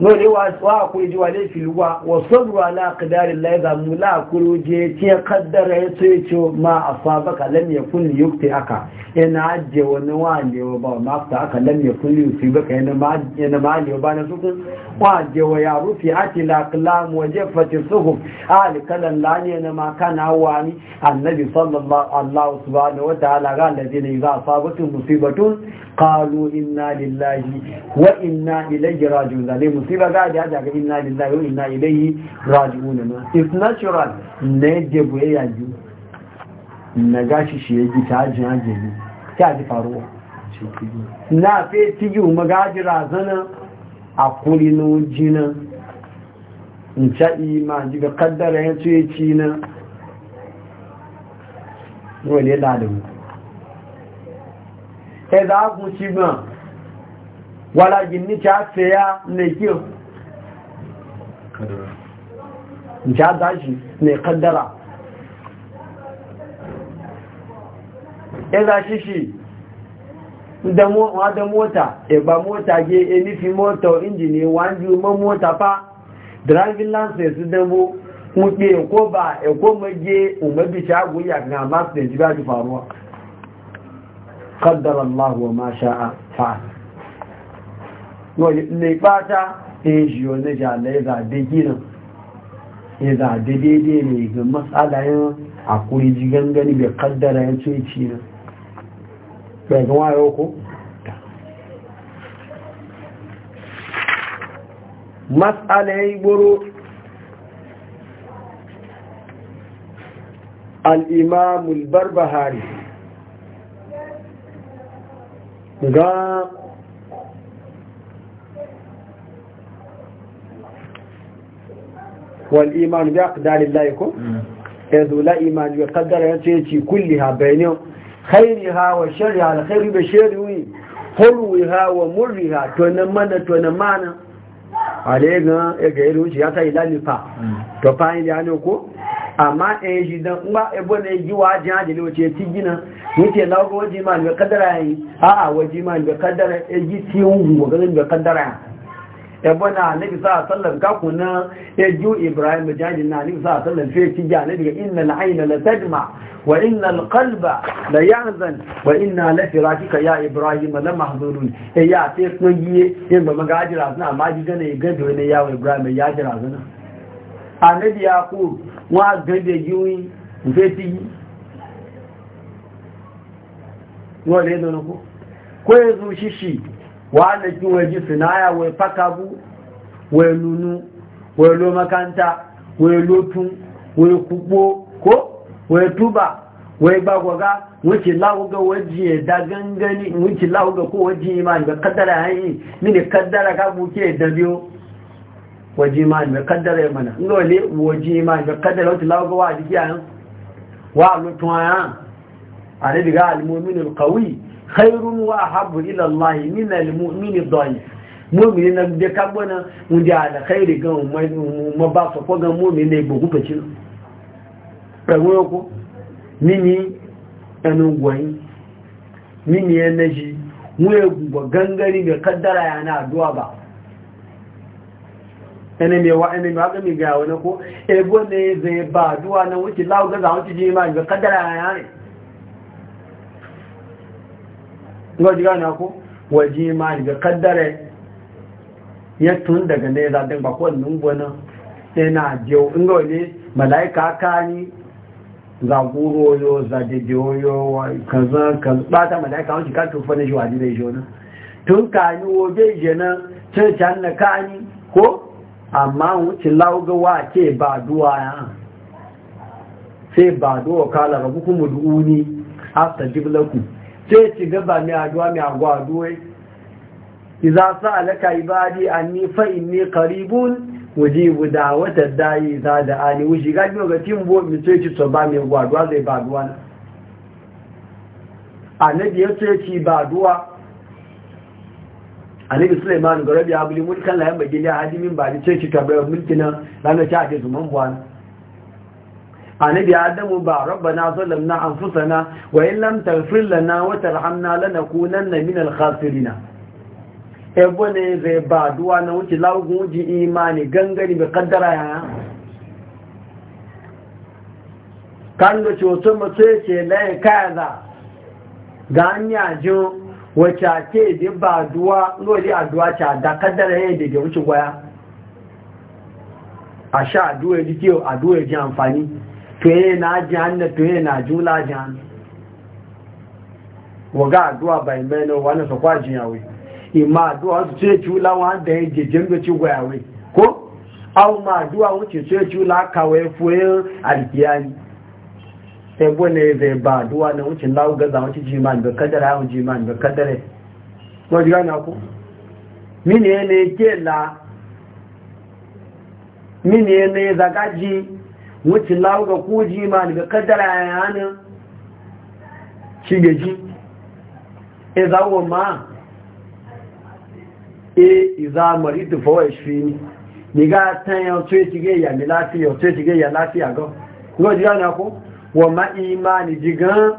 lórí wá àkúrí wa lè fi wá wọ́sọ́rọ̀ aláàkìdárí láìza mú láàkúrú jẹ́ tí a kaddara ya tó yake ma a sabaka lamye kulli yukti aka yana ajiye wani wani wa ba ma ta aka lamye kulli yukti baka yana ma aliyu ba na sukun wa ajiye wa ya rufi ati laƙilam wa jefati suhu alikalan lani yana ma kana ni? annabi sallallahu subhanahu wa ta'ala ga alladhina idza asabatun musibatun qalu inna lillahi wa inna ilayhi raji'un zalimun musiba za a ji haja inna lillahi wa inna ilaihi raji'un na it's natural ne de buye ya ju na gashi shi ta ji haje ne ta ji na fe tigi magaji razana a kulinu jina in ca'i ma ji ga kaddara ya ce ci na wale ladin kun ci gan wala gini ta tsaya ne kiyo ja daji ne kaddara ina shi shi da mota ba mota ge enifi mota injini wanju ma mota fa driving license dambo kuɗe ko ba ko maje umarbi shagu ya ga masu da ji ba faruwa kaddara Allah wa ma sha'a fa'a mai fata eji wani jala ya zaɓe ginin ya a kuri ji gangani bai kaddara ya ce ci al'imamul barbahari ga wal imanu bi aqdari llahi ko hmm. yanzu la imanu bi qaddara yace ci kulliha bayni khairiha wa sharriha al khairu bi sharri hulwiha wa murriha to nan mana to nan mana ale ga e ga iru ci ya sai la fa hmm. to fa ni ya ne ko amma eh shi dan ba e bo ne ji wa jan ajele o ce ti gina ni ce lawo waji ma bi qaddara yi a a waji ma bi qaddara e ji ti un go ga bi qaddara ebe na annabi sa sallam ka kuna ya ju ibrahim jajin na annabi sa sallam sai ki ja ne daga innal ayna la tadma wa innal qalba la yahzan wa inna la firaqika ya ibrahim la mahzunun e ya te ko yi e ba magajira suna amma ji gane ga do ne ya ibrahim ya jira suna annabi ya ku wa gabe yi sai ti wale da ko ko yanzu shishi wanda ki wai ji sinaya wai fakabu wai nunu wai lo makanta wai lotun wai kubo ko wai tuba wai bagwaga wuce lahuga waje da gangani wuce lahuga ko waje imani ga kaddara hanyi mini kaddara ka buke da biyo waje imani ga kaddara ya mana inda wale waje imani ga kaddara wata lahuga wa jiki a yan wa lotun a yan a ne daga almomin khairun wa habu ila Allah min al-mu'min ad-da'if mu'min na da kabona mu da da khairi ga mu ba su ko ga mu'min ne bugu pe wo ko nini anu gwai nini energy mu ya gwa gangari da kaddara na addu'a ba ene me wa ene ma ga mi ga wani ko e ne zai ba addu'a na wuce lawo ga za wuti ji ma ga kaddara ya ne ga jiga na ku waje ma daga kaddare ya tun daga ne za dan bakon nun gona sai jiyo in wani malaika kani za guro yo za dejo yo kaza kaza ba malaika wani ka tufa ne shi waje da shi wannan tun kani waje je na ce can na kani ko amma wuce lauga wa ke ba duwa ya sai ba duwa kala rabu kuma duhu duuni asta jiblakum sai ci gaba mai aduwa mai agwa yi za su alaka ibadi anni ni karibun qaribun guda wata dayi za da ani wushi ga biyo ga tin bo mai sai ci so ba mai agwa aduwa zai ba aduwa annabi ya ce ci ba aduwa annabi Sulaiman garabi abuli mulkan la yan bagili hadimin ba ni sai ci tabar mulkin ranar ta ake zuman buwan anabi adamu ba rabbana zalamna anfusana wa in lam taghfir lana wa tarhamna lanakunanna min al-khasirin ebo ne zai ba duwa na wuce lagun ji imani gangari bi kaddara ya kan da coto mace ce laye kaza ga hanya jin wacce ake da ba duwa lori aduwa ta da kaddara ya da wuce gwaya a sha aduwa ya ji kiyo aduwa ji amfani tuye na jihanna tuye na jula jihanna waga addu'a na ụwa na su kwaji yawe ima addu'a su ce jula wanda ya jejjen da cigwa yawe ko au ma addu'a wuce ce jula kawai fuyin alkiyani sai e bane eze ba addu'a na wuce lawu gaza wuce jiman da kadara yawon jiman da kadare wajen gana ku mini ne ke la mini ne zagaji wucin lauga ko jima daga kaddara yanin hannun shigeji e zawo ma e iza e maritu fawa ishfini ni ga ta yau tsoye tige ya mi lafiya tsoye tige ya lafiya ga ko ji yana ko wa ma imani gan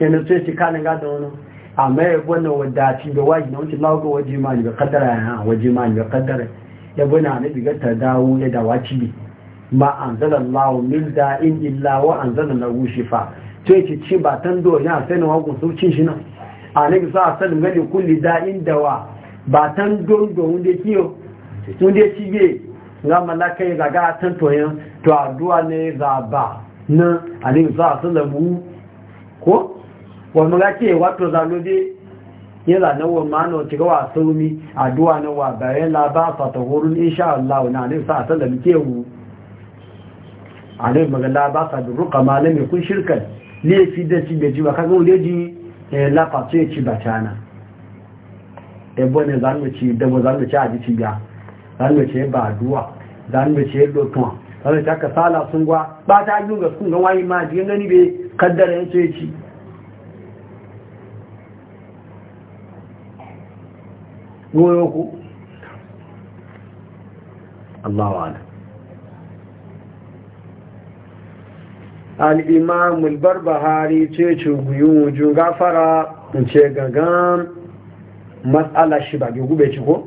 yana tsoye tika ne ga da wani amma ya gwanin wadaci da waji na wucin lauga waje ma daga kaddara yanin hannun waje ma daga kaddara ya gwana na diga ta dawo ya dawa cibi ma anzalallahu min da'in illa wa anzalallahu shifa to yake ci ba tan do ya sai na ku su cin shi nan ga sa sallam gani kulli da'in dawa ba tan don do wunde kiyo wunde ge ga malaka ya ga tan to yan to addu'a ne za ba na annabi sa mu?" ko wa wato ga lo wato ya za na wa mano ci gawa saumi addu'a na wa bayan la ba fa ta hurun insha Allah na ne sa sallam ke mu alai magana ba sa da ruka ya kun shirkan fi, da ci da ba kaga wule ji eh, lafa ce ci ba cana ebo ne zan ci da ba zan ci a ji ci biya zan ci ba duwa zan ci lotun zan ci aka sala sun gwa ba ta yi ga sun ga wayi ma ji gani be kaddara ya ce ci goyo ku Allah wa'ala الإمام البربهاري تشو cuguyin جو غفرا تشي gagan مسألة شبا جو بيتشو هو ko?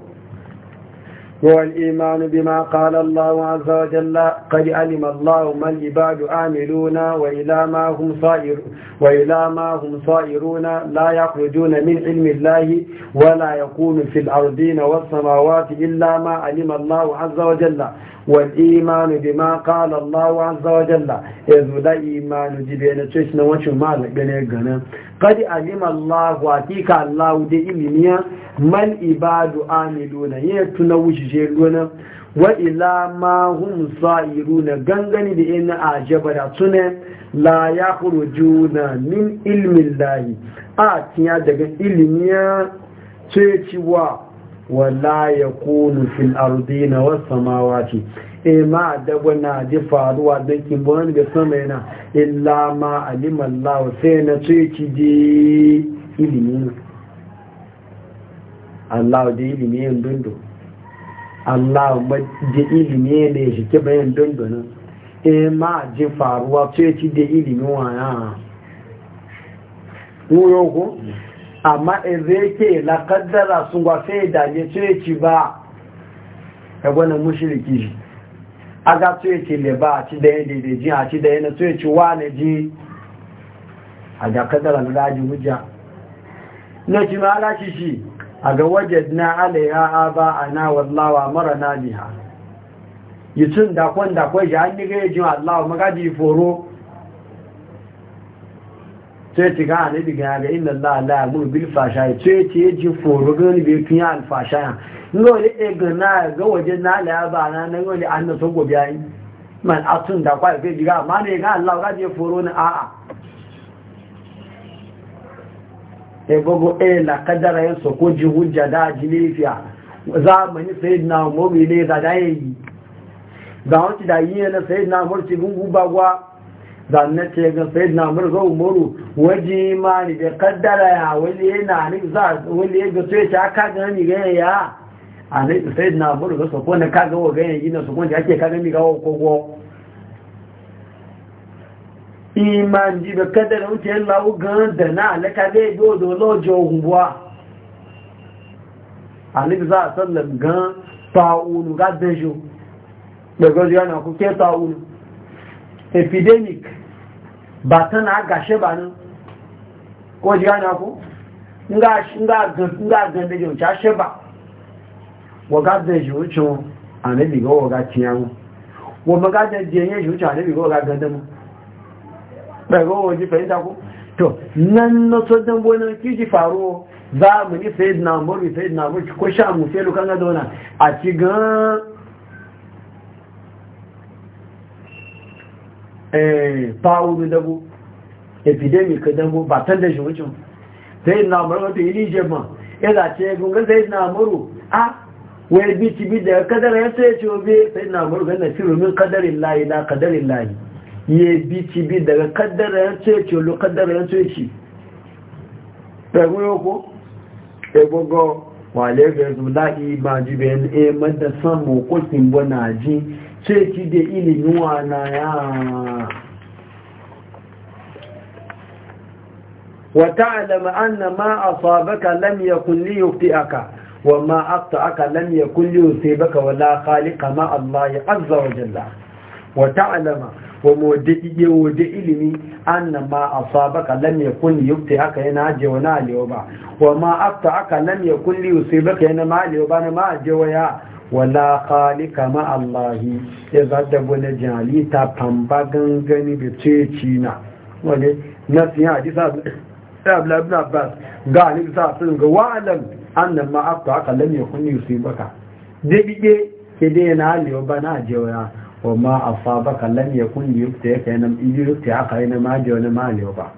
والإيمان بما قال الله عز وجل قد علم الله ما العباد عاملون وإلى ما هم صائر وإلى ما هم صائرون لا يخرجون من علم الله ولا يكون في الأرضين والسماوات إلا ما علم الله عز وجل والإيمان بما قال الله عز وجل إذ لا إيمان دي بينا جبين تشنا وشما لقنا قد علم الله واتيك الله دي إلميا ما الإباد آملون يتنوش جيلون وإلا ما هم صائرون غنغن لإن أعجبنا تنا لا يخرجون من علم الله آتيا دقا إلميا تشيسوا wala ya kunu fil ardi na wasu mawaci e eh, ma dagwa na ji faruwa don kimbonin da sama yana illa ma aliman lawa sai na tsoci ji ilimin Allah da ilimi yin dundu Allah da ilimi ne shi ke bayan dundu nan e ma ji faruwa tsoci da ilimin wa ya wuro ko amma ezeke la kaddara sun gwafe da ya ce ci ba ya e gwanin mushiriki shi a ga tsoye ce le ba a ci da ya e daidaiji a ci da ya e tsoye ci wa na ji a ga kaddara na daji hujja na ci ma shi shi a ga waje na alaiha a ba a na wallawa mara na biha yi cin dakon dakon shi an yi gajin allawa magaji foro sai ci ga annabi ga ga inna Allah la yamuru bil fashai sai ci ji foro ga ni be tunya al fashai ngo le e ga na ga waje na la ba na na ngo le an na sogo bi man atun da kwa ke diga ma ne ga Allah ga je foro ni a a e bogo e la kadara yin soko ji hujja da ji lafiya zamani sayyidina umar ne da dai da wanti da yi na sayyidina umar ci gungu bagwa zanne ce ga sai na murga umaru waje imani da kaddara ya wani yana ni za wani ya ga sai ta ka ga ni ga ya a ne sai na murga so ko na ka ga wa ga yana so ko da ake ka ga ni ga ko ko iman ji da kaddara wuce Allah ga da na ka dai do do lojo huwa ne za sallam ga ta'unu ga da daga yana ku ke ta'unu epidemic ba tana gashe ba nan ko ji gane ku nga ganda yau ta she ba waga da shi wucin anabi ga waga tiya mu wa maga da jiyan shi wucin anabi ga waga ganda mu bai ga waje fahimta ku to nan na so dan bonan kiji faro za mu ni sayyidina umar sayyidina mu. ko sha mu sai lukan ga zauna a ci gan fawuru eh, dabo epidemic dago ba tan da shi wucin zai na mara wata yi nije ma ya zace gunga zai na maru a wai bi ci bi da kadara ya sai ce obe sai na maru ganin firu min kadarin layi na kadarin layi ya bi ci bi daga kadara ya sai ce lo kadara ya sai ci ɗagu yau ko gogo wale ga yanzu la'i ba ji bayan e eh, madasan mokokin bana ji Ce ki da ilimin wana ya wa ta'lamu anna ma asabaka lam yakun li yufti'aka wa ma akta'aka lam yakun li yusibaka wa la khaliqa ma allahi azza wa jalla wa ta'lamu wa mudda'i wa da ilimi anna ma asabaka lam yakun li yufti'aka yana je wa na aliyo ba wa ma akta'aka lam yakun li yusibaka yana ma aliyo ba na ma aje wa ya wala khalika ma allahi ya zadda wani jali ta pamba gangani da ceci na wani nasin hadisa abu ibn abbas ga alif sa sun ga wa'alam annan ma aka aka lam yakun yusibaka debige kede na aliyo bana jewa wa ma asabaka lam yakun yusibaka nan yusibaka aka ina ma jewa na ma aliyo ba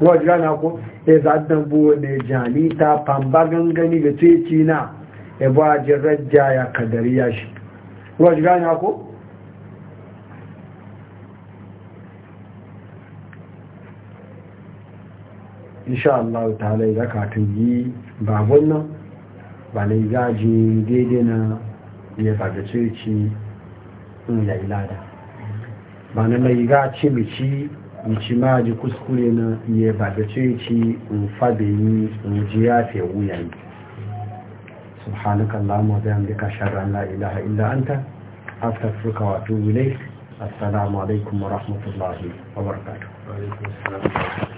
wajana ko ya zadda wani jali ta pamba gangani da ceci na yabo a jin rajja ya kadari ya shi ruwa ji gani ako? insha Allah ta halai zakatun yi babun nan ba na gaji daidai na ya faga circi in ya ilada ba na mai gaci mici mici ma ji kuskure na ya faga circi in fabe yi in ji ya fe wuyayi subhanaka allahumma wa bihamdika ashhadu an la ilaha illa anta astaghfiruka wa atubu ilayk assalamu alaikum wa rahmatullahi wa barakatuh